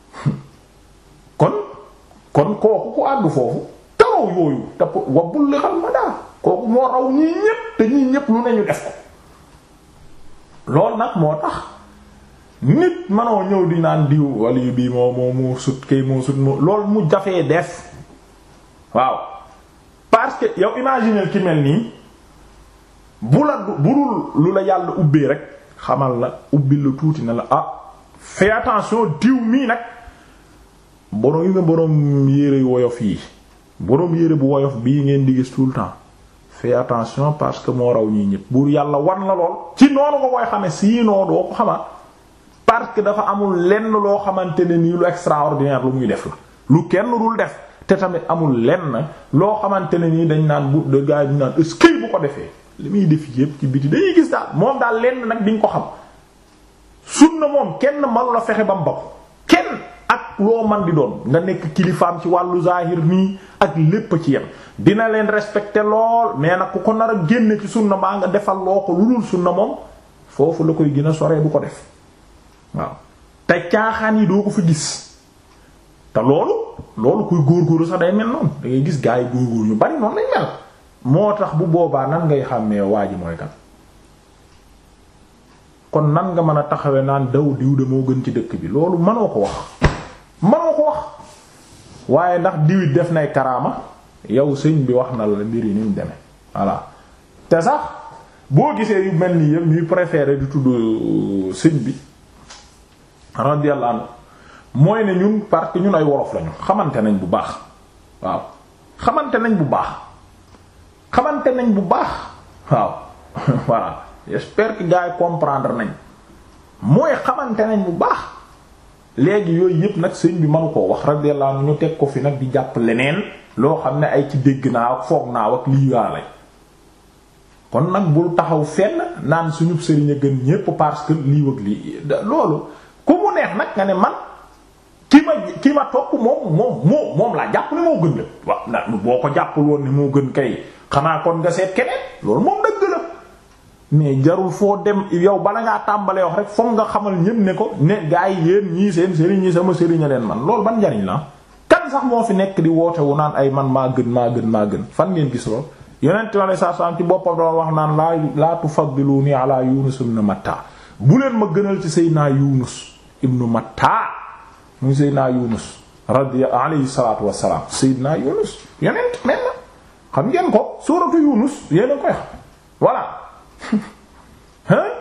kon kon kooku ku àgg foofu taraw yooyu te wabbul li xam ma daa kooku moo raw ñii ñépp te ñii ñépp lu ne ñu def ko loolu nag moo tax nit manoo ñëw di naan diw walla yu bii moo moo moo sut kay moo sut moo loolu mu jafee def waaw parce que yow imaginer ki mel nii bu la bu dul lu la yàlla ubbee rek xamal la ubbi la tuuti na la ah fais attention diw mii nag borom yi nga borom yére woyof yi borom yére bu woyof bii ngeen di gis tout temps fais attention parce que moo raw ñii ñëpp buur yàlla wan la lool ci noonu nga koy xame sinon doo ko xama parce que dafa amul lenn loo xamante ne nii lu extraordinaire lu muy def la lu kenn dul def te tamit amul lenn loo xamante ne nii dañ naan bu de gars yi ñu naan eskay bu ko defee li muy def yépp ci biti dañuy gis daal moom daal lenn nag ñu ko xam sunna moom kenn manu la fexe ba mu bokk kenn ak loo man di doon nga nekk kilifaam ci wàllu zahir nii ak lépp ci yem dina leen respecté lool mais nag ku ko nar génn génne ci sunna maa nga defal loo ko lu dul sunna moom foofu la koy gën a soree bu ko def waaw te caaxaan yi doo ko fi gis te loolu loolu kuy góorgóorlu sax day mel noonu da ngay gis gaa yi góorgóorlu ñu bari noonu lañ mel moo tax bu boobaa nan ngay xàmmee waa ji mooy kan kon nan nga mën a taxawe naan daw diw de gën ci dëkk bi loolu mënoo ko wax mënoo ko wax waaye ndax diwit def nay karaama yow sëñ bi wax na la mbir yi niñ demee voilà te sax boo gisee yu mel ni yëpp ñuy préférer di tudd sëñ bi radiyallahu anhu mooy ne ñun parce que ñun ay wolof lañu xamante nañ bu baax waaw xamante nañ bu baax xamante nañ bu baax waaw voilà j'espère que comprendre nañ mooy xamante nañ bu baax léegi yooyu yëpp nag sëñ bi manu koo wax radiyallahu ñu teg ko fi nag di jàpp leneen loo xam ne ay ci dégg naa foog naa ak lii waa lay kon nag bul taxaw fenn naan suñu sëriñ a gën ñépp parce que lii wëg lii loolu ku mu neex nag nga ne man ki ma ki ma topp moom moom moom laa jàpp ne moo gën la waaw na boo ko jàppul woon ni moo gën kay xanaa kon nga seet keneen loolu moom dëgg la mais jarul foo dem yow bala ngaa tàmbalee wax rek foog nga xamal ñépp ne ko ne gaa yi yéen ñii seen sëriñ ñi sama a leen man loolu ban njariñ la ah. kan sax moo fi nekk di woote wu naan ay man maa gën maa gën maa gën fan ngeen gis lool yonent mi alei satu salaam ci boppam doon wax naan laa laa tufaddiluunii alaa yunus ibnu matta bu leen ma gënal ci sayyidinaa yunus ibnu matta muy Seydina Yunus radiya alayhi salaatu wassalaam Seydina Yunus yonent mel na xam ngeen ko suuratu Yunus yéen a koy xam voilà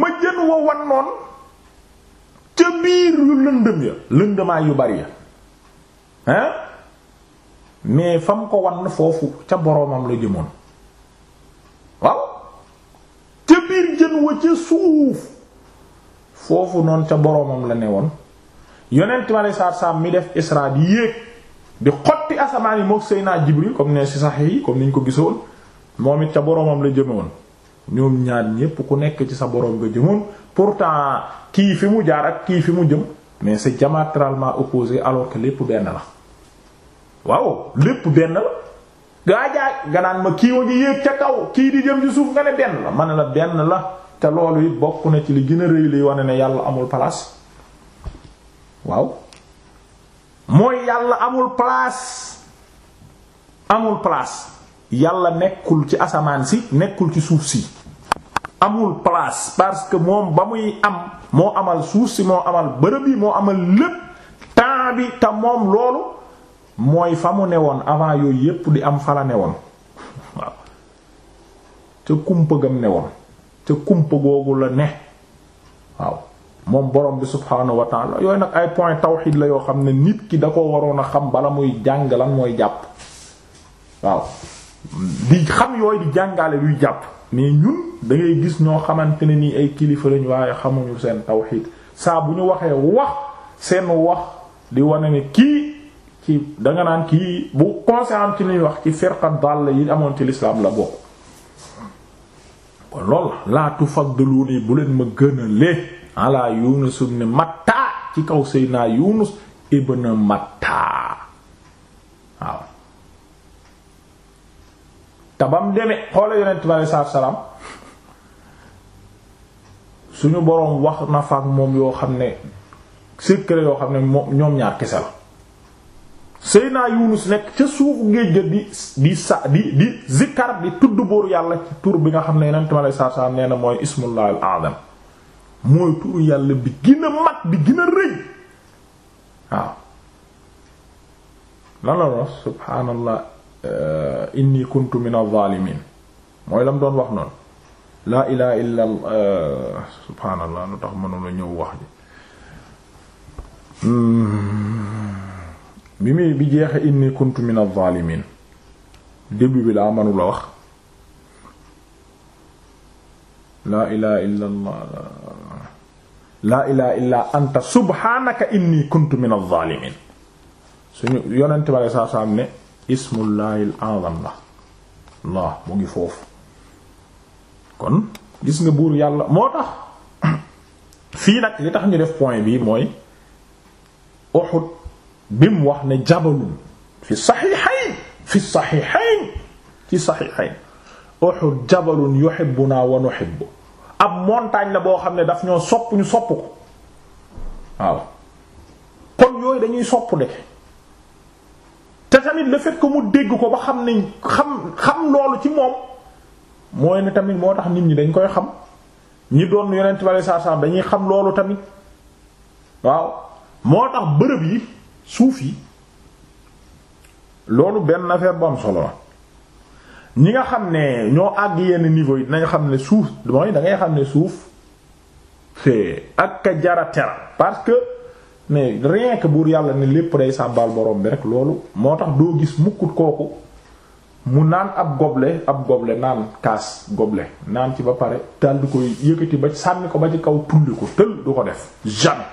ma jën wa wan noon ca biir yu lëndëm ya lëndëmaay yu bari ya hein mais fa mu ko wan foofu ca boroomam la jëmoon waaw ca biir jën wa ca suuf foofu noonu ca boroomam la ne woon yonent ma lay saar saam mi def isra di yéeg di xotti asamaan yi moo mook naa Jibril comme ne ci sax yi comme ñu ko gisoon moom it ca boromam la jëme woon ñoom ñaar ñépp ku nekk ci sa borom nga jëmoon pourtant kii fi mu jaar ak kii fi mu jëm mais c'est diamétralement opposé alors que lépp benn la waaw lépp benn la gaa jaay nga naan ma kii wa ngi yéeg ca kaw kii di jëm ci suuf nga ne benn la ma ne la benn la te loolu it bokk na ci li gën a rëy liy wane yàlla amul place waaw mooy yàlla amul place amul place yàlla nekkul ci asamaan si nekkul ci suuf si amul place parce que moom ba muy am moo amal suuf si moo amal bërëb yi moo amal lépp temps bi te moom loolu mooy fa mu woon avant yooyu yépp di am fala ne woon waaw te kumpa gam newoon te kumpa googu la ne waaw moom borom bi subhaanahu wa taala yooyu nag ay point tawxid la yoo xam ne nit ki da waroon a xam bala muy jàng lan mooy jàpp waaw di xam yooyu di jàngale luy jàpp mais ñun dangay gis ñoo xamante ne nii ay kilifa lañ waaye xamuñu seen tawxid saa bu ñu waxee wax seen wax di wane ne kii ci danga naan kii bu conscient ci ñuy wax ci firqa dal yi amoon ci lislaam la bokk kon loolu laa tufaddiluuni bu leen ma gënalee ala yunus ibn matta ci kaw seydinaa yunus ibn matta waaw te ba mu demee xoola yonent bi aleyhi salaam suñu boroom wax na moom yoo xam ne secret yoo xam ne moom ñoom ñaar kese la Seydina Yunus nekk ca suufu géej ga di di sa di di zikkar di tudd buur yàlla ci tur bi nga xam ne yonent bi aleyhi salaam nee na mooy ismullahil a'zam mooy turu yàlla bi gën mag bi gën rëy waaw lan la wax subhaanallah eh, inni kuntu min az-zalimin mooy lam doon wax noonu laa ilaha illa eh, subhaanallah lu tax mënula ñëw wax ji hmm. bi muy bi jeexe inni kuntu min az-zalimin bi laa mënula wax laa ilaha illa allah la ilaha illa anta subhanaka inni kuntu min az-zalimin suñu yonent bi alei satu ne ismullahi al-azam la Allah mu ngi foofu kon gis nga buur yàlla moo tax fii nag li tax ñu def point bi mooy Uhud bimu wax ne jabalun fi saxiixayn fi saxiixayn ci saxiixayn Uhud jabalun yuhibbuna wa nuhibbu ab montagne la boo xam ne daf ñoo sopp ñu sopp ko waaw kon yooyu dañuy sopp de te tamit le fait mu dégg ko ba xam ne xam xam loolu ci moom mooy ne tamit moo tax nit ñi dañ koy xam ñi doon yeneen bale saa saa dañuy xam loolu tamit waaw moo tax bërëb yi suuf yi loolu benn affaire bu am solo la ñi nga xam ne ñoo àgg yenn niveau yi dinañ xam ne suuf mooy da ngay xam ne suuf c'est ak ka jara teral parce que mais rien que buur yàlla ne lépp day sàbbal borom bi rek loolu moo tax doo gis mukkut kooku mu naan ab goble ab goble naan kaas goble naan ci ba pare dal di koy yëkkati ba sànni ko ba ci kaw tulli ko tël du ko def jamais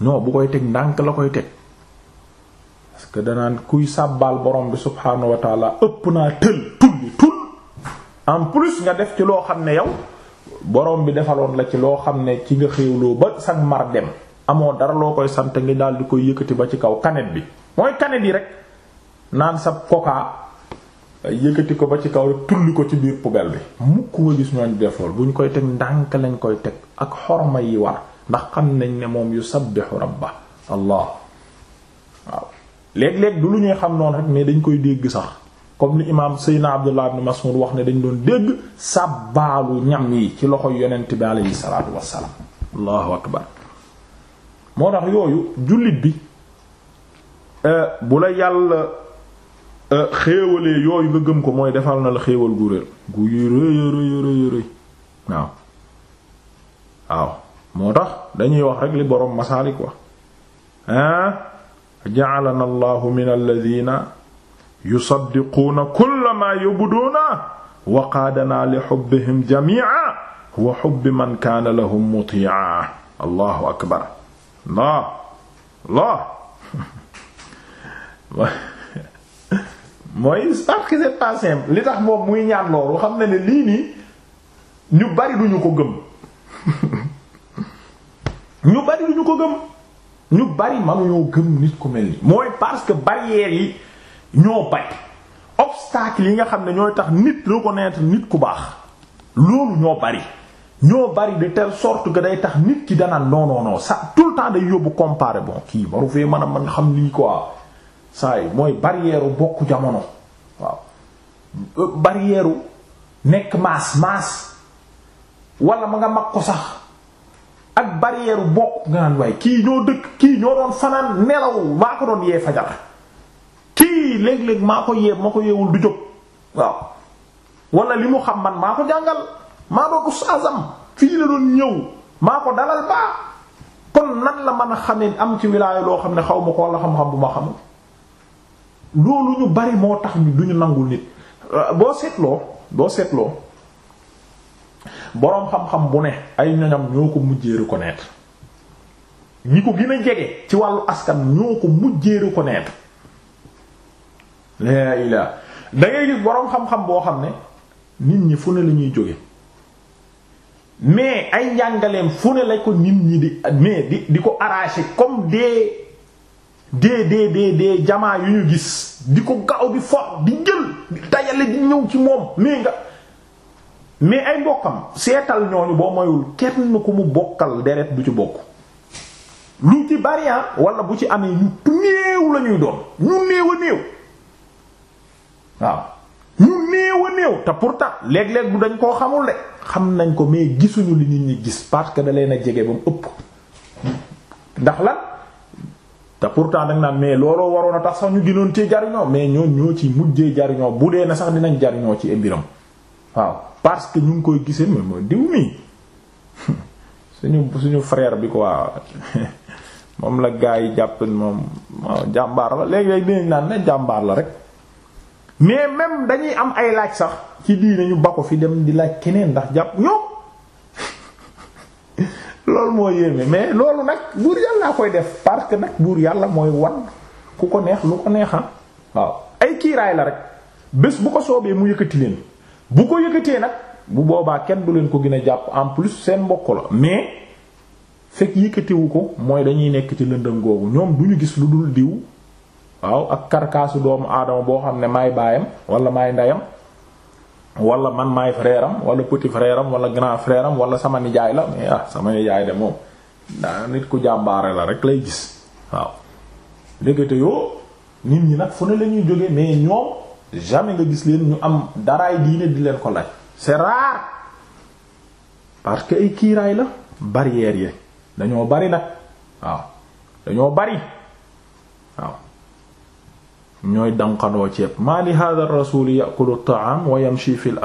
non bu koy teg ndànk la koy teg danaan kuy sàbbaal borom bi subhaanahu wa taala ëpp naa tël tulli tul en plus nga def ci loo xam ne yow borom bi defaloon la ci loo xam ne ci nga xéewloo ba sag mar dem amoo dara loo koy sant ngi daal di koy yëkkati ba ci kaw kanet bi mooy kanet yi rek naan sa koka yëkkati ko ba ci kaw rek tulli ko ci biir poubelle bi mukk nga gis ñooñ def bu ñu koy teg ndànk lañ koy teg ak xorma yi war ndax xam nañ ne moom yusabbihu rabba allah léeg-léeg du lu ñuy xam noonu rek mais dañ koy dégg sax comme li imaam Seydina Abdullah ibn Mas'ud wax ne dañ doon dégg sàbbaalu ñam yi ci loxo yonent bi aleyhi salaatu wassalaam allahu akbar moo tax yooyu jullit bi euh, bu la yàlla euh, xéewalee yooyu nga gëm ko mooy defal na la xéewal gu réer gu rëy rëy rëy waaw waaw moo tax dañuy wax rek li boroom masaalik wax ja'alana allahu min alladhina yusaddiquuna kulla maa yubduuna wa qaadana li hubbihim jamii'a wa hubbi man kaana lahum mutii'a allahu akbar laa laa mooy parce que c'est pas simple li tax moom muy ñaan loolu xam na ne lii nii ñu bari duñu ko gëm ñu bari duñu ko gëm ñu bari manu ñoo gëm nit ku mel ni mooy parce que barrières yi ñoo bari obstacle yi nga xam ne ñooy tax nit reconnaître nit ku baax loolu ñoo bari ñoo bari de tele sorte que day tax nit ki danaan non non tout le temps day yóbbu comparer bon kii waru fee mën a mën xam lii quoi saa yi mooy barrière bokk jamono waaw euh, barrière nekk maas maas wala ma nga mag ko sax ak barrière bokk nga naan waaye kii ñoo dëkk kii ñoo doon fanaan nelaw maa ko doon yee fajar kii léeg-léeg maa ko yee ma ko yeewul du jóg waaw wala li mu xam man maa ko jàngal maa doon ustaasam fii la doon ñëw maa ko dalal baa kon nan la mën a xam xamee am ci wilaaya loo xam ne xaw ma ko wala xam-xam bu ma xamul loolu ñu bari moo tax ñu duñu nangul nit euh, boo seetloo boo seetloo boroom xam-xam bu ne ay ñoñam ñoo ko mujjee reconnaître ñi ko gën a jege ci wàllu askan ñoo ko mujjee reconnaître laa ilaa da gis boroom xam-xam boo xam ne nit ñi fu ne la ñuy jóge mais ay njàngaleem fu ne la ko nit ñi di mais di di ko arracher comme des des des des des jamaa yu ñu gis di ko gaaw bi for di jël di dajale di ñëw ci moom mais nga. mais ay mbokkam seetal ñooñu boo moyul kenn ku mu bokkal deret du ci bokk lu ci bari ah, wala bu ci amee ñu néew la ñuy doon ñu néew a néew waaw ñu néew a néew te pourtant léeg-léeg du dañ koo xamul de xam nañ ko mais gisuñu li nit ñi gis parce que da leen a jege ba ëpp ndax la te pourtant dañ naan mais looloo waroon a tax sax ñu ginoon ci jariñoo mais ñoo ñoo ci mujjee jariñoo bu dee na sax dinañ jariñoo ci mbiram waaw parce que ñu ngi koy gisee mais mooy diw mi suñu suñu frère bi quoi moom la gaa yi jàpp moom jàmbaar la léegi léegi dinañ naan ne jàmbaar la rek mais même dañuy am ay laaj sax ci diine ñu ba ko fi dem di laaj keneen ndax jàpp ñoom loolu moo yéeme mais loolu nag buur yàllaa koy def parce que nag buur yàlla mooy wan ku ko neex lu ko neexam ah. waaw ay kiiraay la rek bés bu ko soobee mu yëkkati leen. bu ko yëkkatee nag bu boobaa kenn du leen ko gën a jàpp en plus seen mbokk la mais fekk yëkkatiwu ko mooy dañuy nekk ci lëndëm googu ñoom du ñu gis lu dul diw waaw ak karkaasu doomu aadama boo xam ne maay baayam wala maay ndeyam wala man maay frère am wala petit frère wala grand frère am wala sama nijaay la mais ah sama nijaay de moom daa nit ku jàmbaare la rek lay gis waaw ndekete yoo nit ñi nag fu ne la jóge mais ñoom jamais nga gis leen ñu am daraay diine di leen ko laaj c'est rare parce que ay kiiraay la barrières yi dañoo bari nag waaw dañoo bari waaw ñooy danqandoo ceeb maa li hada rasul yakulu taam wa yamshi fi l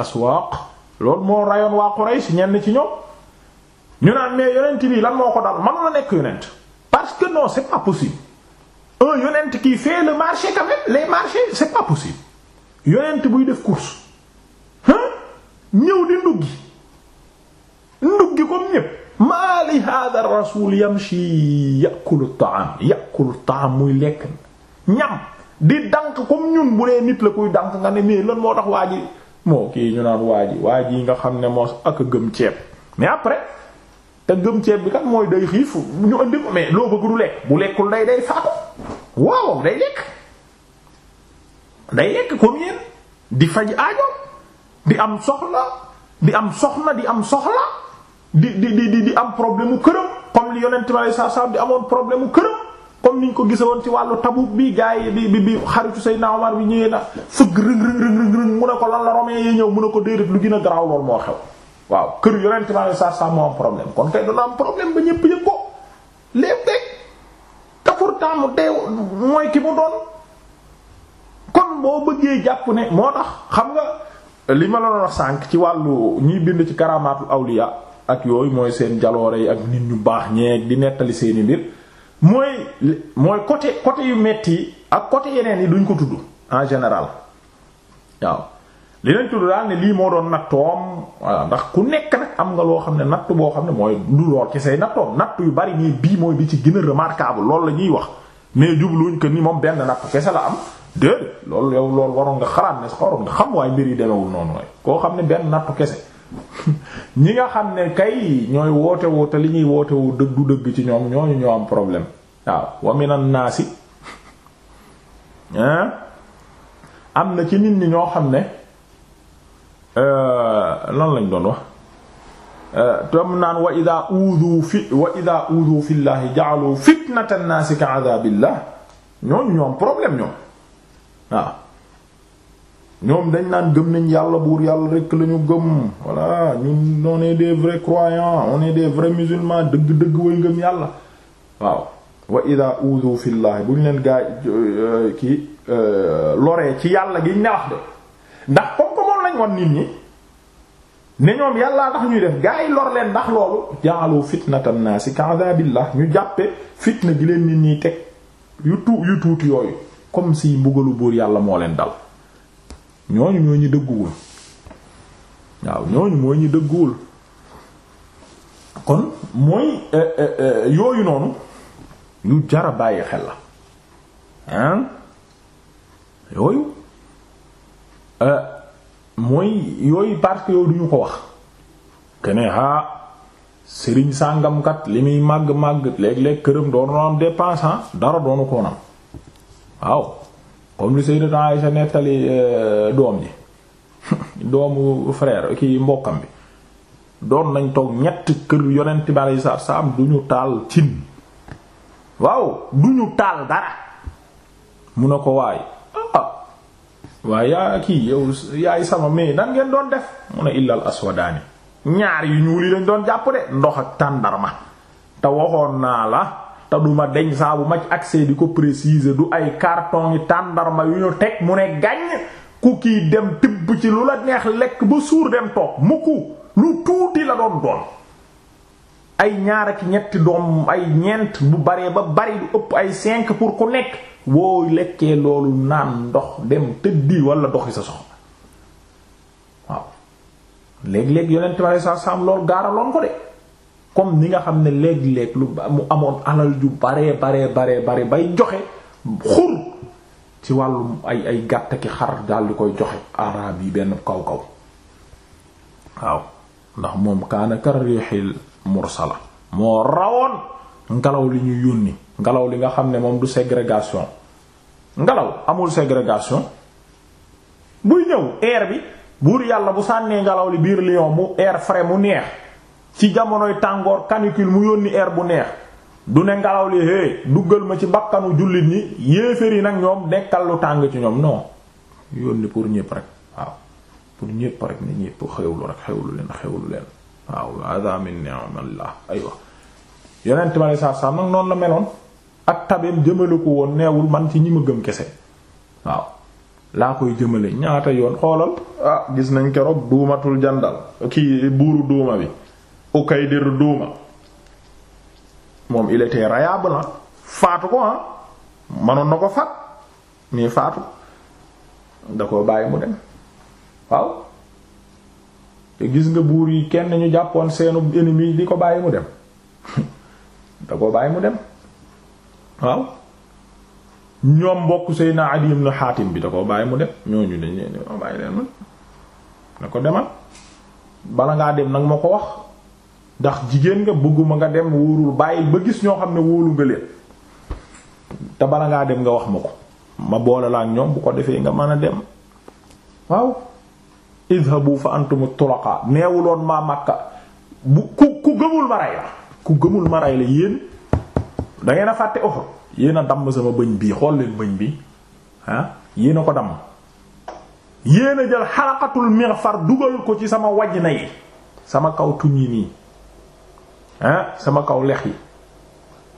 loolu moo rayoon waa Quraysh ñenn ci ñoom ñu naan mais yonent bi lan moo ko dal man nekk yonent parce que non c'est pas possible un yonent qui fait le marché quand même les marchés possible yonent buy def course ah ñëw di nduggi nduggi comme ñépp maa li hada rasul yamshi yakulu taam yakulu taam muy lekk ñam di dànk comme ñun bu dee nit la kuy dànk nga ne mais lan moo tax waa ji moo kii ñu naan waa ji waa ji nga xam ne moo ak gëm ceeb mais après te gëm ceeb bi kat mooy day xiif ñu indi mais loo bëgg du lekk bu lekkul day day faatu waaw day lekk day ko comme yéen di faj aajo di am soxla di am soxna di am soxla di di di am problème mu këram comme li yonent bi saa saa di amoon problème mu këram comme niñ ko gisewoon ci wàllu Tabuk bi gars yi bi bi bi xaritu Seydina Omar bi ñëwee na fëgg rëng rëng rëng mu ne ko la Romain yi ñëw mu ne ko déedéet lu gën a garaaw lool moo xew waaw kër yonent bi moo am problème kon kay dana am problème ba ñëpp yëg ko lépp rek te pourtant mu mooy ki mu doon. kon boo bëggee jàpp ne moo tax xam nga li ma la doon wax sànq ci wàllu ñiy bind ci karaamaatul awliya ak yooyu mooy seen jaloore yi ak nit ñu baax ñeeg di nettali seeni mbir mooy mooy côté côté yu metti ak côté yeneen yi duñ ko tudd en général waaw li nañ tudd daal ne lii moo doon nattoom voilà ndax ku nekk nag am nga loo xam ne natt boo xam ne mooy du lool ci say nattoom natt yu bari nii bii mooy bi ci gën a remarquable loolu la ñuy wax mais jubluñ que ni moom benn natt kese la am. déedéet loolu yow loolu waroon nga xalaat ne xoroon nga xam waaye mbir yi demewul noonu waaye koo xam ne benn nattu kese ñi nga xam ne kay ñooy woote woo te li ñuy woote dëgg du dëgg ci ñoom ñoo ñoo am problème waaw wa minan naasi am na ci nit ñi ñoo xam ne euh, lan lañ doon wax euh, tom naan wa ida uudu fi wa ida uudu fi llahi ja'alu fitnatan naasi ka'adabillah ñooñu ñoo am problème ñoom waaw ñoom dañ naan gëm nañ yàlla buur yàlla rek la ñu gëm voilà ñun on est des vrais croyants on est des vrais dëgg-dëgg way ngëm yàlla waaw wa ida udu fillahi bu ñu leen gaa euh, ki euh, loree ci yàlla giñ ne wax de ndax comme moom lañ wan nit ñi ne ñoom yàlla tax ñuy def gaa yi lor leen ndax loolu jaalu fitnatan naasi ka'dabillah ñu jàppe fitna ji leen nit ñi teg yu tu yu tuuti yooyu comme si mbugalu buur yàlla moo leen dal ñooñu ñoo ñu dëgguwul waaw ñooñu mooy ñi dëgguwul kon mooy eh, eh, eh, yooyu noonu yu jara bàyyi xel la hein yooyu mooy yooyu parce que yow duñu ko wax kene haa ah, sëriñ sàngamkat li muy màgg màgg léeg-léeg këram doon am dépense ah, dara doonu ko woon waaw comme li Sayyidatu Aisha nettali euh, doom ji doomu frère ki mbokkam bi doon nañ toog ñett kër yonent bi alayhi salaam du ñu taal cin waaw du taal dara mu ne ko waay ah yaa kii yow yaay sama mais nan ngeen doon def mu ne illal aswadaani ñaar yu ñuul yi lañ doon jàpp de ndox ak tàndarma te waxoon naa la te duma deñ saa bu maj accès di ko préciser du ay carton yi tàndarma yu ñu teg mu ne gàññ ku kii dem tibb ci lu la neex lekk ba suur dem toog mukk lu tuuti la doon doon ay ñaar ak ñetti doom ay ñeent bu baree ba bari du ëpp ay cinq pour ku nekk boo lekkee loolu naan ndox dem tëddi walla doxi sa soxla waaw léeg-léeg yonent ma ne saa saam loolu gaaraloon ko de comme ni nga xam ne léeg-léeg lu mu amoon alal ju baree baree baree bare bay joxe xur ci wàllu ay ay gàtt ki xar daal di koy joxe araab yi benn kaw kaw waaw ndax moom kaana kar rihil mursala moo rawoon ngelaw li ñu yónni ngelaw li nga xam ne moom du ségrégation ngelaw amul ségrégation buy ñëw air bi buur yàlla bu sànnee ngelaw li biir Lyon mu air frais mu neex ci jamonoy tàngoor canicule mu yónni air bu neex du ne ngelaw li hé duggal ma ci bakkanu jullit ñi yéeféer yi nag ñoom nekkal lu tàng ci ñoom non yónni pour ñépp rek waaw pour ñépp rek ne ñépp xewlu rek xewlu leen xewlu leen waaw hada min ni'amillah aywa yonent ma lay saab nag noonu la meloon ak tabeem jëmale ko woon neewul man ci ñi ma gëm kese waaw laa koy jëmale ñaata yoon xoolal ah gis nañ keroog duumatul jandal kii buuru duuma bi Ukaydir Duuma moom il était rayable na ah. faatu ko ah. manoon na ko faat mii faatu da ko bàyyi mu dem waaw te gis nga buur yi kenn ñu jàppoon seenu ennemi di ko bàyyi mu dem da ko bàyyi mu dem waaw ñoom mbokk Seydina Adi ibn Hatim bi da ko bàyyi mu dem ñooñu dañ leen bàyyi leen mu da ko demal bala ngaa dem nag ma ko wax ndax jigéen nga bëgguma nga dem wóorul bàyyil ba gis ñoo xam ne wóolu nga leen te bala ngaa dem nga wax ma ko ma boole laa ak ñoom bu ko defee nga mën a dem waaw idhabu fa antum tulaqa neewuloon maa makka bu ku ku gëmul ma la ku gëmul ma la yéen da ngeen a fàtte oxo yéen a damm sama bëñ bii xool leen bëñ bi ah yéen a ko damm yéen a jël xalaqatul mighfar dugal ko ci sama waj na yi sama kaw tuñ yi nii Ah, sama kaw lex yi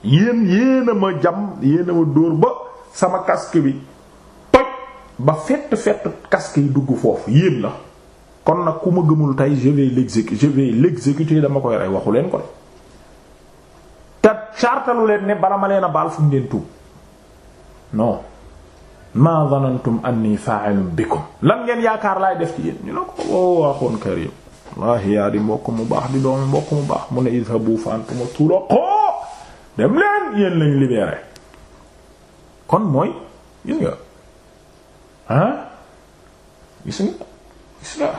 yéen yéen a ma jam yéen a ma dóor ba sama casque bi toj ba fett fett casque dugg foofu yéen la kon nag ku ma gëmul tey je vais l'exécuter je vais l'exécuter dama koy rey waxu leen ko te chartalu leen ne bala ma leen a baal fu ngeen tuub non ma dhanantum anni fa'ilun ko lan ngeen yaakaar laay def ci yéen ñu ne ko o oh, waaxoon karim waaye yaa di mbokk mu baax di doomu mbokk mu baax mu ne idhabu fa antuma tulaqoo dem leen yéen lañ libéré kon mooy gis nga ah gis nga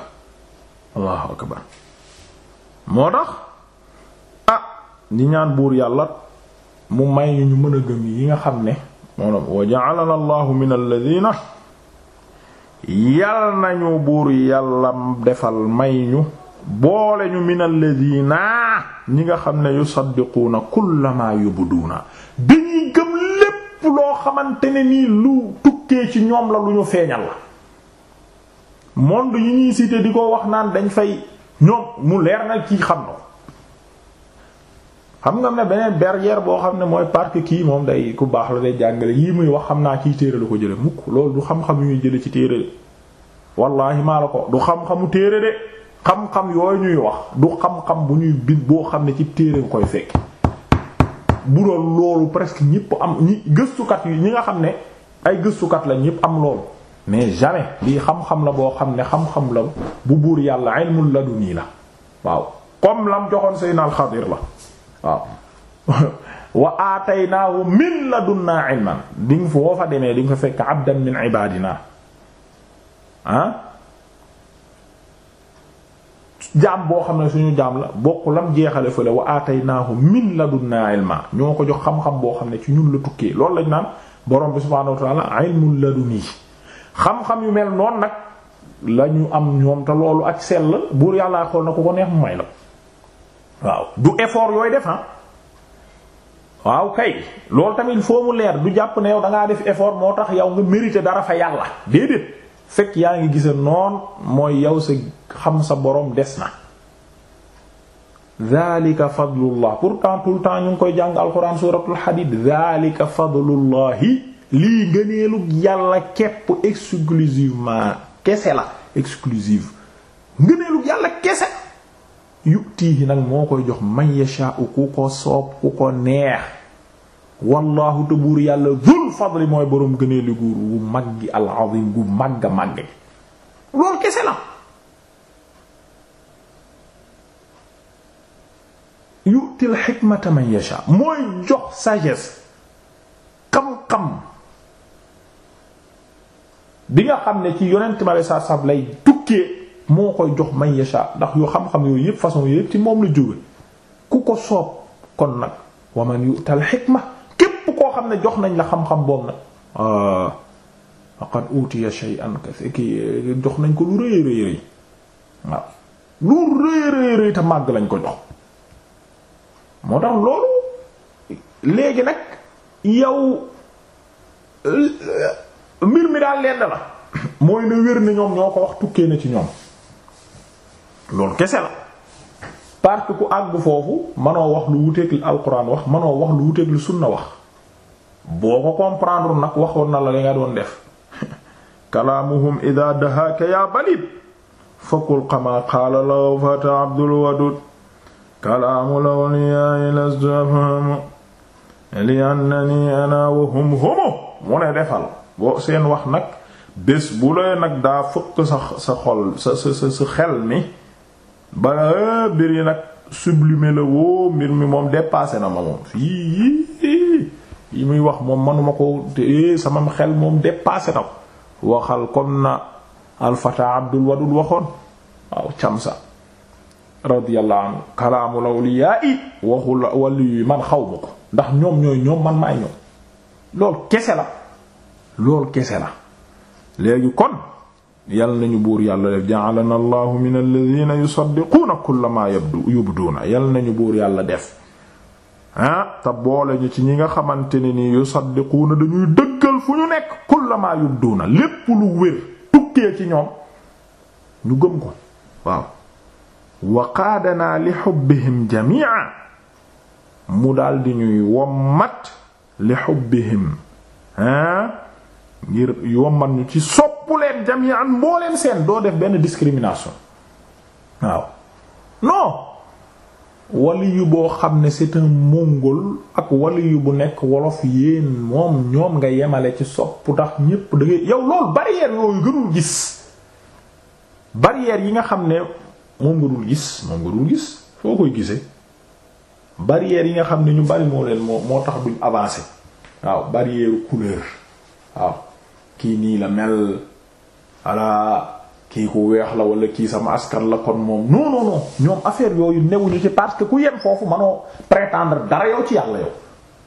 allahu akbar moo tax ah ni ñaan buur yàlla mu may ñu mën a gëm yi nga xam ne moom wa ja'alana allahu min alladhina yàlla nañu buur yàlla defal may ñu boole ñu min naa ñi nga xam ne yusaddiquuna kullama yubduuna dañuy gëm lépp loo xamante ne nii lu tukkee ci ñoom la lu ñu feeñal la monde yi ñuy cité di ko wax naan dañ fay ñoom mu leer na kii xam na xam nga ne beneen bergeer boo xam ne mooy parc kii moom day ku baax la day jàngale yii muy wax xam naa ciy téere lu ko jële mukk loolu du yu ñuy jële ci téere de wallaahi du xam-xamu téere de xam-xam yooyu ñuy wax du xam-xam bu ñuy bind boo xam ne ci téere nga koy fekk bu doon loolu presque ñépp am ñi gëstukat yi ñi nga xam ne ay gëstukat la ñëpp am loolu mais jamais lii xam-xam la boo xam ne xam-xam la bu buur yàlla ilmul laduni la waaw comme lam joxoon Seydina Al-Xadir la waaw wa aataynaahu min ladunnaa ilman di nga foo fa demee di nga fa fekk abdan min ibadina ah? jaam boo xam ne suñu jaam la bokk lam jeexale fële wa aataynaahu min ladunnaa ilma ñoo ko jox xam-xam boo xam ne ci ñun la tukkee loolu lañ naan borom bi subhaanahu wa ta'aala ilmul laduni xam yu mel noonu nag la ñu am loolu ak sell buur yàllaa xool na ko ko neex mu may la waaw du effort yooyu def ah. waaw kay loolu tamit foo mu leer du jàpp ne yow da def effort moo tax yow nga mérité dara fa yàlla déedéet. fekk yaa ngi gisa noon mooy yow sa xam sa boroom des na dhalika fadlullah pourtant tout le temps ñu ngi koy jàng alquran suratul hadid dhalika fadlullahi lii ngëneelug yàlla képp exclusivement kese la exclusive ngëneelug yàlla kese yutiihi nag moo koy jox man yasha'u ku ko soob ku ko neex wallaahu te buur yàlla zul fadli mooy boroom gënee li guur wu maggi al azim gu màgg a màgg loolu kese la yu'til hikmata man yasha mooy jox sagesse xam-xam bi nga xam ne ci yonent ma saa sab lay tukkee moo koy jox man yasha ndax yu xam-xam yooyu yépp façon yooyu yépp ci moom la jóge ku ko soob kon nag wa man yu'tal hikma koo xam ne jox nañ la xam-xam boobu nag a ah, faqad utiya shay'an ki eh, jox nañ ko lu rëy rëy rëy waaw lu rëy rëy rëy te màgg lañ ko jox moo tax loolu léegi nag yow eh, mbir mi daal lenn la mooy ne wér ni ñoom ñoo ko wax tukkee na ci ñoom loolu kese la parce ku àgg foofu manoo wax lu wuteeg li alquran wax manoo wax lu wuteeg li sunna wax boo ko comprendre nag waxoon na la li nga doon def kalaamuhum ida dahaaka yaa balid fakul kama qaala law fata abdul wadud kalaamu law liyaay lastu afhamu li annani ana wa hum humu mu ne defal boo seen wax nag bés bu lee nag daa fëkk sa sa xol sa sa sa xel mi ba mbir yi nag sublimer la woo mbir mi moom dépassé na ma moom fii yi muy wax moom manuma ko te eh, sama xel moom dépassé na ko waxal comme na alfata abdul wadul waxoon waaw camsa radiyallahu anhu kalaamul awliyaa waxul wàllu yi man xaw ma ko ndax ñoom ñooy ñoom man maay ñoom loolu kese la loolu kese la léegi kon yal nañu buur yàlla def ja'alana allahu min alladhina yusaddiquna kullama yubduuna yal nañu buur yàlla def ah te boole ñu ci ñi nga xamante ne nii yusaddiquuna dañuy dëggal fu ñu nekk kullamaa yubduuna lépp lu wér tukkee ci ñoom ñu gëm ko waaw wa qaadanaa li xubbihim jamia mu daldi ñuy wommat li xubbihim ah ngir wommat ñu ci soppu leen jamian mbooleen seen doo def benn discrimination waaw non waliyu boo xam ne c'est un ak waliyu bu nekk wolof yéen moom ñoom nga yemale ci sopp tax ñépp da ngay yow loolu barrière yooyu gënul gis barrière yi nga xam ne moom nga dul gis moom nga dul gis foo koy gisee barrière yi nga xam ne ñu bari moo leen moo tax duñ avancé waaw barrière couleur waaw kii nii la mel ala kii ko weex la wala kii sama askan la kon moom non ñoom affaire yooyu newuñu ci parce que ku yem foofu manoo prétendre dara yow ci yàlla yow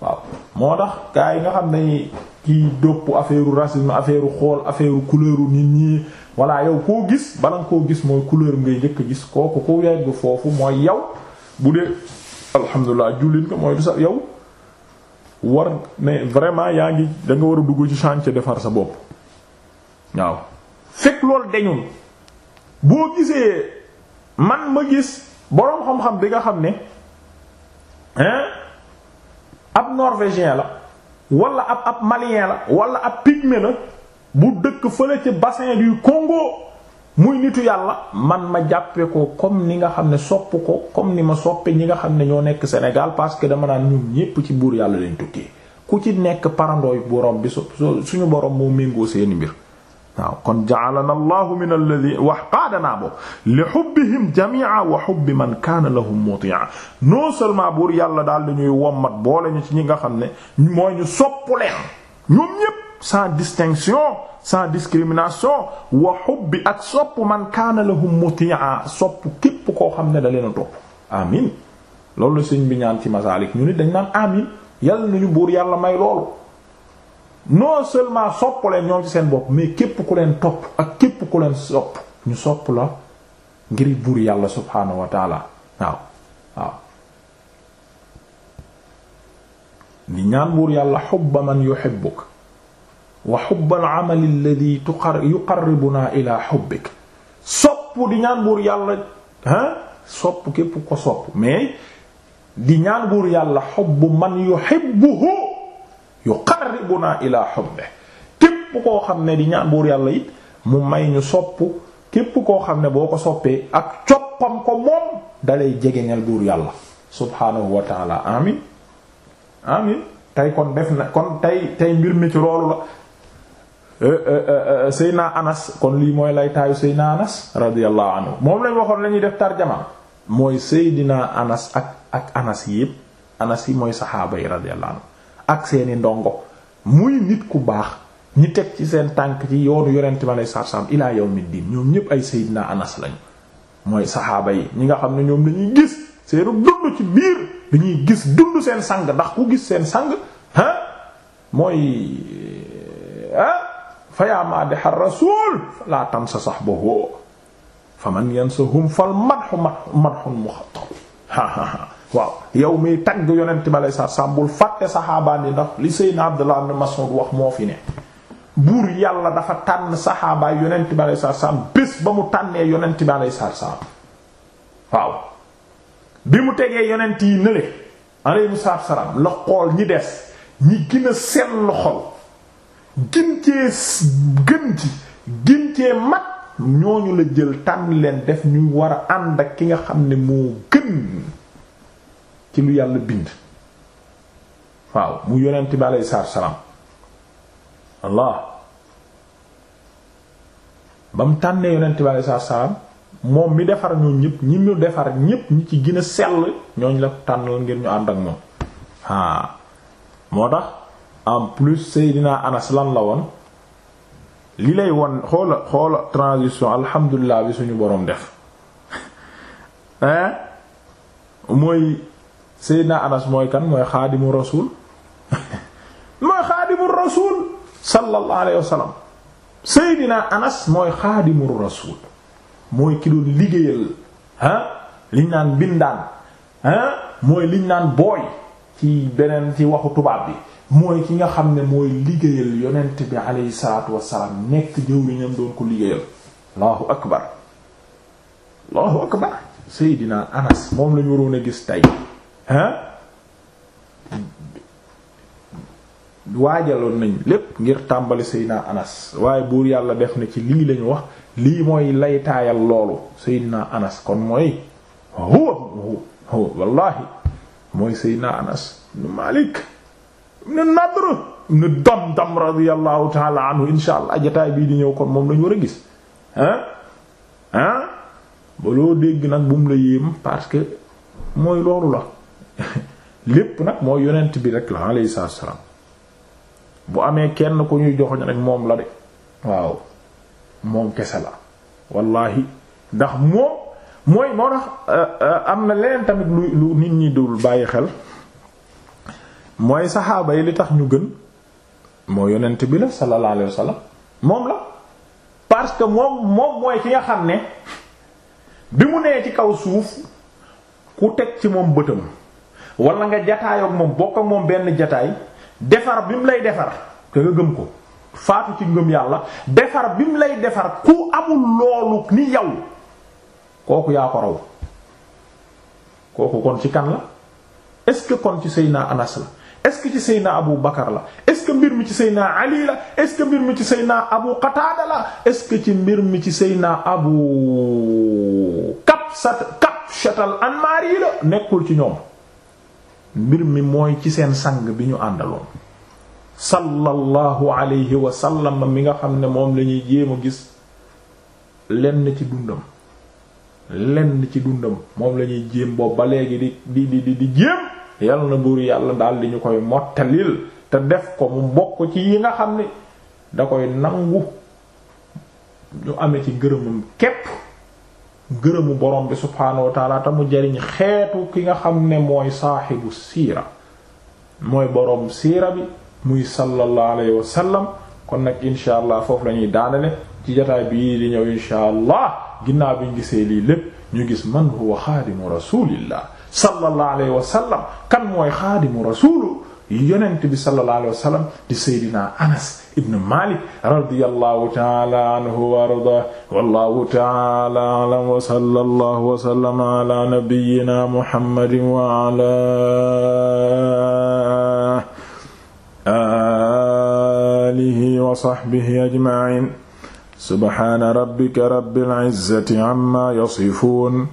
waaw moo tax gars yi nga xam ne kii dopp affaire racisme affaire xool affaire couleur nit ñi voilà yow koo gis bala nga koo gis mooy couleur ngay njëkk a gis kooku ku yegg foofu mooy yow bu dee alhamdulilah jullit nga mooy du sa yow war ne vraiment yaa ngi da war a dugg ci chantier defar sa bopp waaw. fekk loolu dañul boo gisee man ma gis boroom xam-xam bi nga xam ne hein ab norvégien la wala ab ab malien la wala ab pygmée la bu dëkk fële ci bassin du Congo muy nitu yàlla man ma jàppe ko comme ni nga xam ne sopp ko comme ni ma soppe ñi nga xam ne ñoo nekk Sénégal parce que dama naan ñun ñépp ci buur yàlla leen tukkee ku ci nekk parandooy borom bi su suñu borom moo méngoo seeni mbir waaw kon ja'alana allahu min alladhi wax qaadana boobu li xubbihim jamia wa xubbi man kaana lahum mutia non seulement buur yàlla daal dañuy wommat boole ñu ci ñi nga xam ne mooy ñu soppu leen ñoom ñépp sans distinction sans discrimination wa xubbi ak sopp man kaana lahum mutia sopp képp koo xam ne da leen a topp amin loolu sëñ bi ñaan ci masaalik ñu nit dañ naan amin yàlla nañu buur yàlla may loolu non seulement sopp leen ñoom seen bopp mais képp ku leen topp ak képp ku leen sopp ñu sopp la ngir buur yàlla subhaanahu wa taala waaw waaw di ñaan buur yàlla xubba man yuhibbuk wa xubbal amali alladhi yuqarribuna sopp di yàlla ah sopp képp ko sopp mais di ñaan buur yàlla xubb man yuhibbuhu yuqarribuna ila hubbi képp koo xam ne di ñaan buur yàlla it mu may ñu sopp képp koo xam ne boo ko soppee ak coppam ko moom dalay jegeñal buur yàlla subhaanahu wa taala amin amin tey kon def na kon tey tey mbir mi ci loolu la eh, eh, eh, Seyna Anas kon lii mooy lay taayu Seyna Anas radiyallahu anhu moom lañ waxoon lañuy def tarjama mooy Seydina Anas ak ak Anas yépp Anas yi mooy saxaaba yi radiyallahu anhu ak seeni ndongo muy nit ku baax ñi teg ci seen tànk ci yoonu yonente bi alei satu salaam ilaa yawmiddin ñoom ñépp ay Seydina Anas lañu mooy saxaaba yi ñi nga xam ne ñoom dañuy gis seenu dund ci biir ñuy gis dund seen sang ndax ku gis seen sang ah mooy ah fa yaa maadiha rasul la tansa sahbahu faman yansahum fal madhu madhun muxatab waaw yow miy tagg yonent bi alay sa salaam bul fàtte saxaabaan yi ndax li Seydina Abdullah ibn Mas'ud wax moo fi ne buur yàlla dafa tànn saxaabaay yonent bi alay sa salaam bés ba mu tànnee yonent bi alay sa salaam waaw bi mu tegee yonent yi nële aleyhimu salaam la xool ñi des ñi gën a sell xol gën gën ci gën cee mat ñooñu la jël tànn leen def ñu war a ànd ak ki nga xam ne moo gën ci lu yàlla bind waaw mu yonent bi aleyhi salaatu salaam allah ba mu tànnee yonent bi aleyhi salaatu moom mi defar ñoom ñëpp ñi ñu defar ñëpp ñu ci gën a sell ñooñ la tànnal ngir ñu ànd ak moom ah moo tax en plus Seydina Anas lan la woon li lay won xoola xoola transition alhamdulilah bi suñu boroom def mooy Seydina Anas mooy kan mooy xaadimu rasul mooy xaadimu rasul sallallahu alayhi wa Anas mooy xaadimu rasul mooy ki doon liggéeyal ah liñ naan bindaan ah mooy liñ naan booy ci beneen ci waxu tubaab bi mooy ki nga xam ne mooy liggéeyal yonent bi alayhi salaatu wassalaam nekk jëwriñam doon ko liggéeyal allahu akbar allahu akbar Seydina Anas moom lañu waroon a gis tey hein waajaloon nañ lépp ngir tàmbali Seydina Anas waaye buur yàlla def na ci lii lañu wax lii mooy laytaayal loolu Seydina Anas kon mooy huwa huwa wallahi mooy Seydina Anas ibn Malik ibn Nadr ibn Damdam radiyallahu ta'ala anhu insha jataay bii di ñëw kon moom lañu war a gis hein hein ba loo dégg nag bu la yéem parce que mooy loolu la lépp nag moo yonent bi rek la alayhi salaam bu amee kenn ku ñuy joxoñ rek moom la de waaw moom kese la wallahi ndax moom mooy moo tax euh, euh, am na leen tamit lu lu nit ñi dul bàyyi xel mooy saxaaba yi li tax ñu gën moo yonent bi la sallallahu alayhi wasallam moom la parce que moom moom mooy ki nga xam ne bi mu nee ci kaw suuf ku teg ci moom bëtam wala nga jataayoog moom bokk moom benn jataay defar bi mu lay defar te nga gëm ko faatu ci ngëm yàlla defar bi mu lay defar ku amul loolu ni yow kooku yaa ko raw kooku kon ci kan la est-ce que kon ci Seyna Anas la est-ce que ci Seyna Abu Bakar la est-ce que mbir mi ci naa Ali la est-ce que mbir mi ci Seyna naa Qatada la est-ce que ci mbir mi ci Seyna Abu Kabsat Kabshatal Anmari la nekkul ci ñoom mbir mi mooy ci seen sang bi ñu àndaloon sallallahu alayhi wa mi nga xam ne moom lañuy jéem a gis lenn ci dundam lenn ci dundam moom lañuy jéem boobu ba léegi di di di di jéem yal na buur yàlla daal di ñu koy mottalil te def ko mu bokk ci yi nga xam ne da koy nangu ñu ame ci ngërëmam képp ngërëmu borom bi subhaanahu wa taala mu jariñ xeetu ki nga xam ne mooy saaxibu siira mooy borom siira bi muy sallallahu alayhi wa kon nag incha allah foofu la ñuy daanale ci bi bii di ñëw incha allah ginnaaw bi ñu gisee lii lépp ñu gis man huwa xaadimu rasulillah sallallahu alayhi wa kan mooy xaadimu rasulu yonent bi sallallahu alayhi wa sallam di Seydina Anas ibn Malik radiyallahu ta'ala anhu wa ardah wallahu ta'ala a'lam wa sallallahu wa sallama ala nabiyyina Muhammadin wa ala alihi wa sahbihi ajma'in subhana rabbika rabbil izzati amma yasifun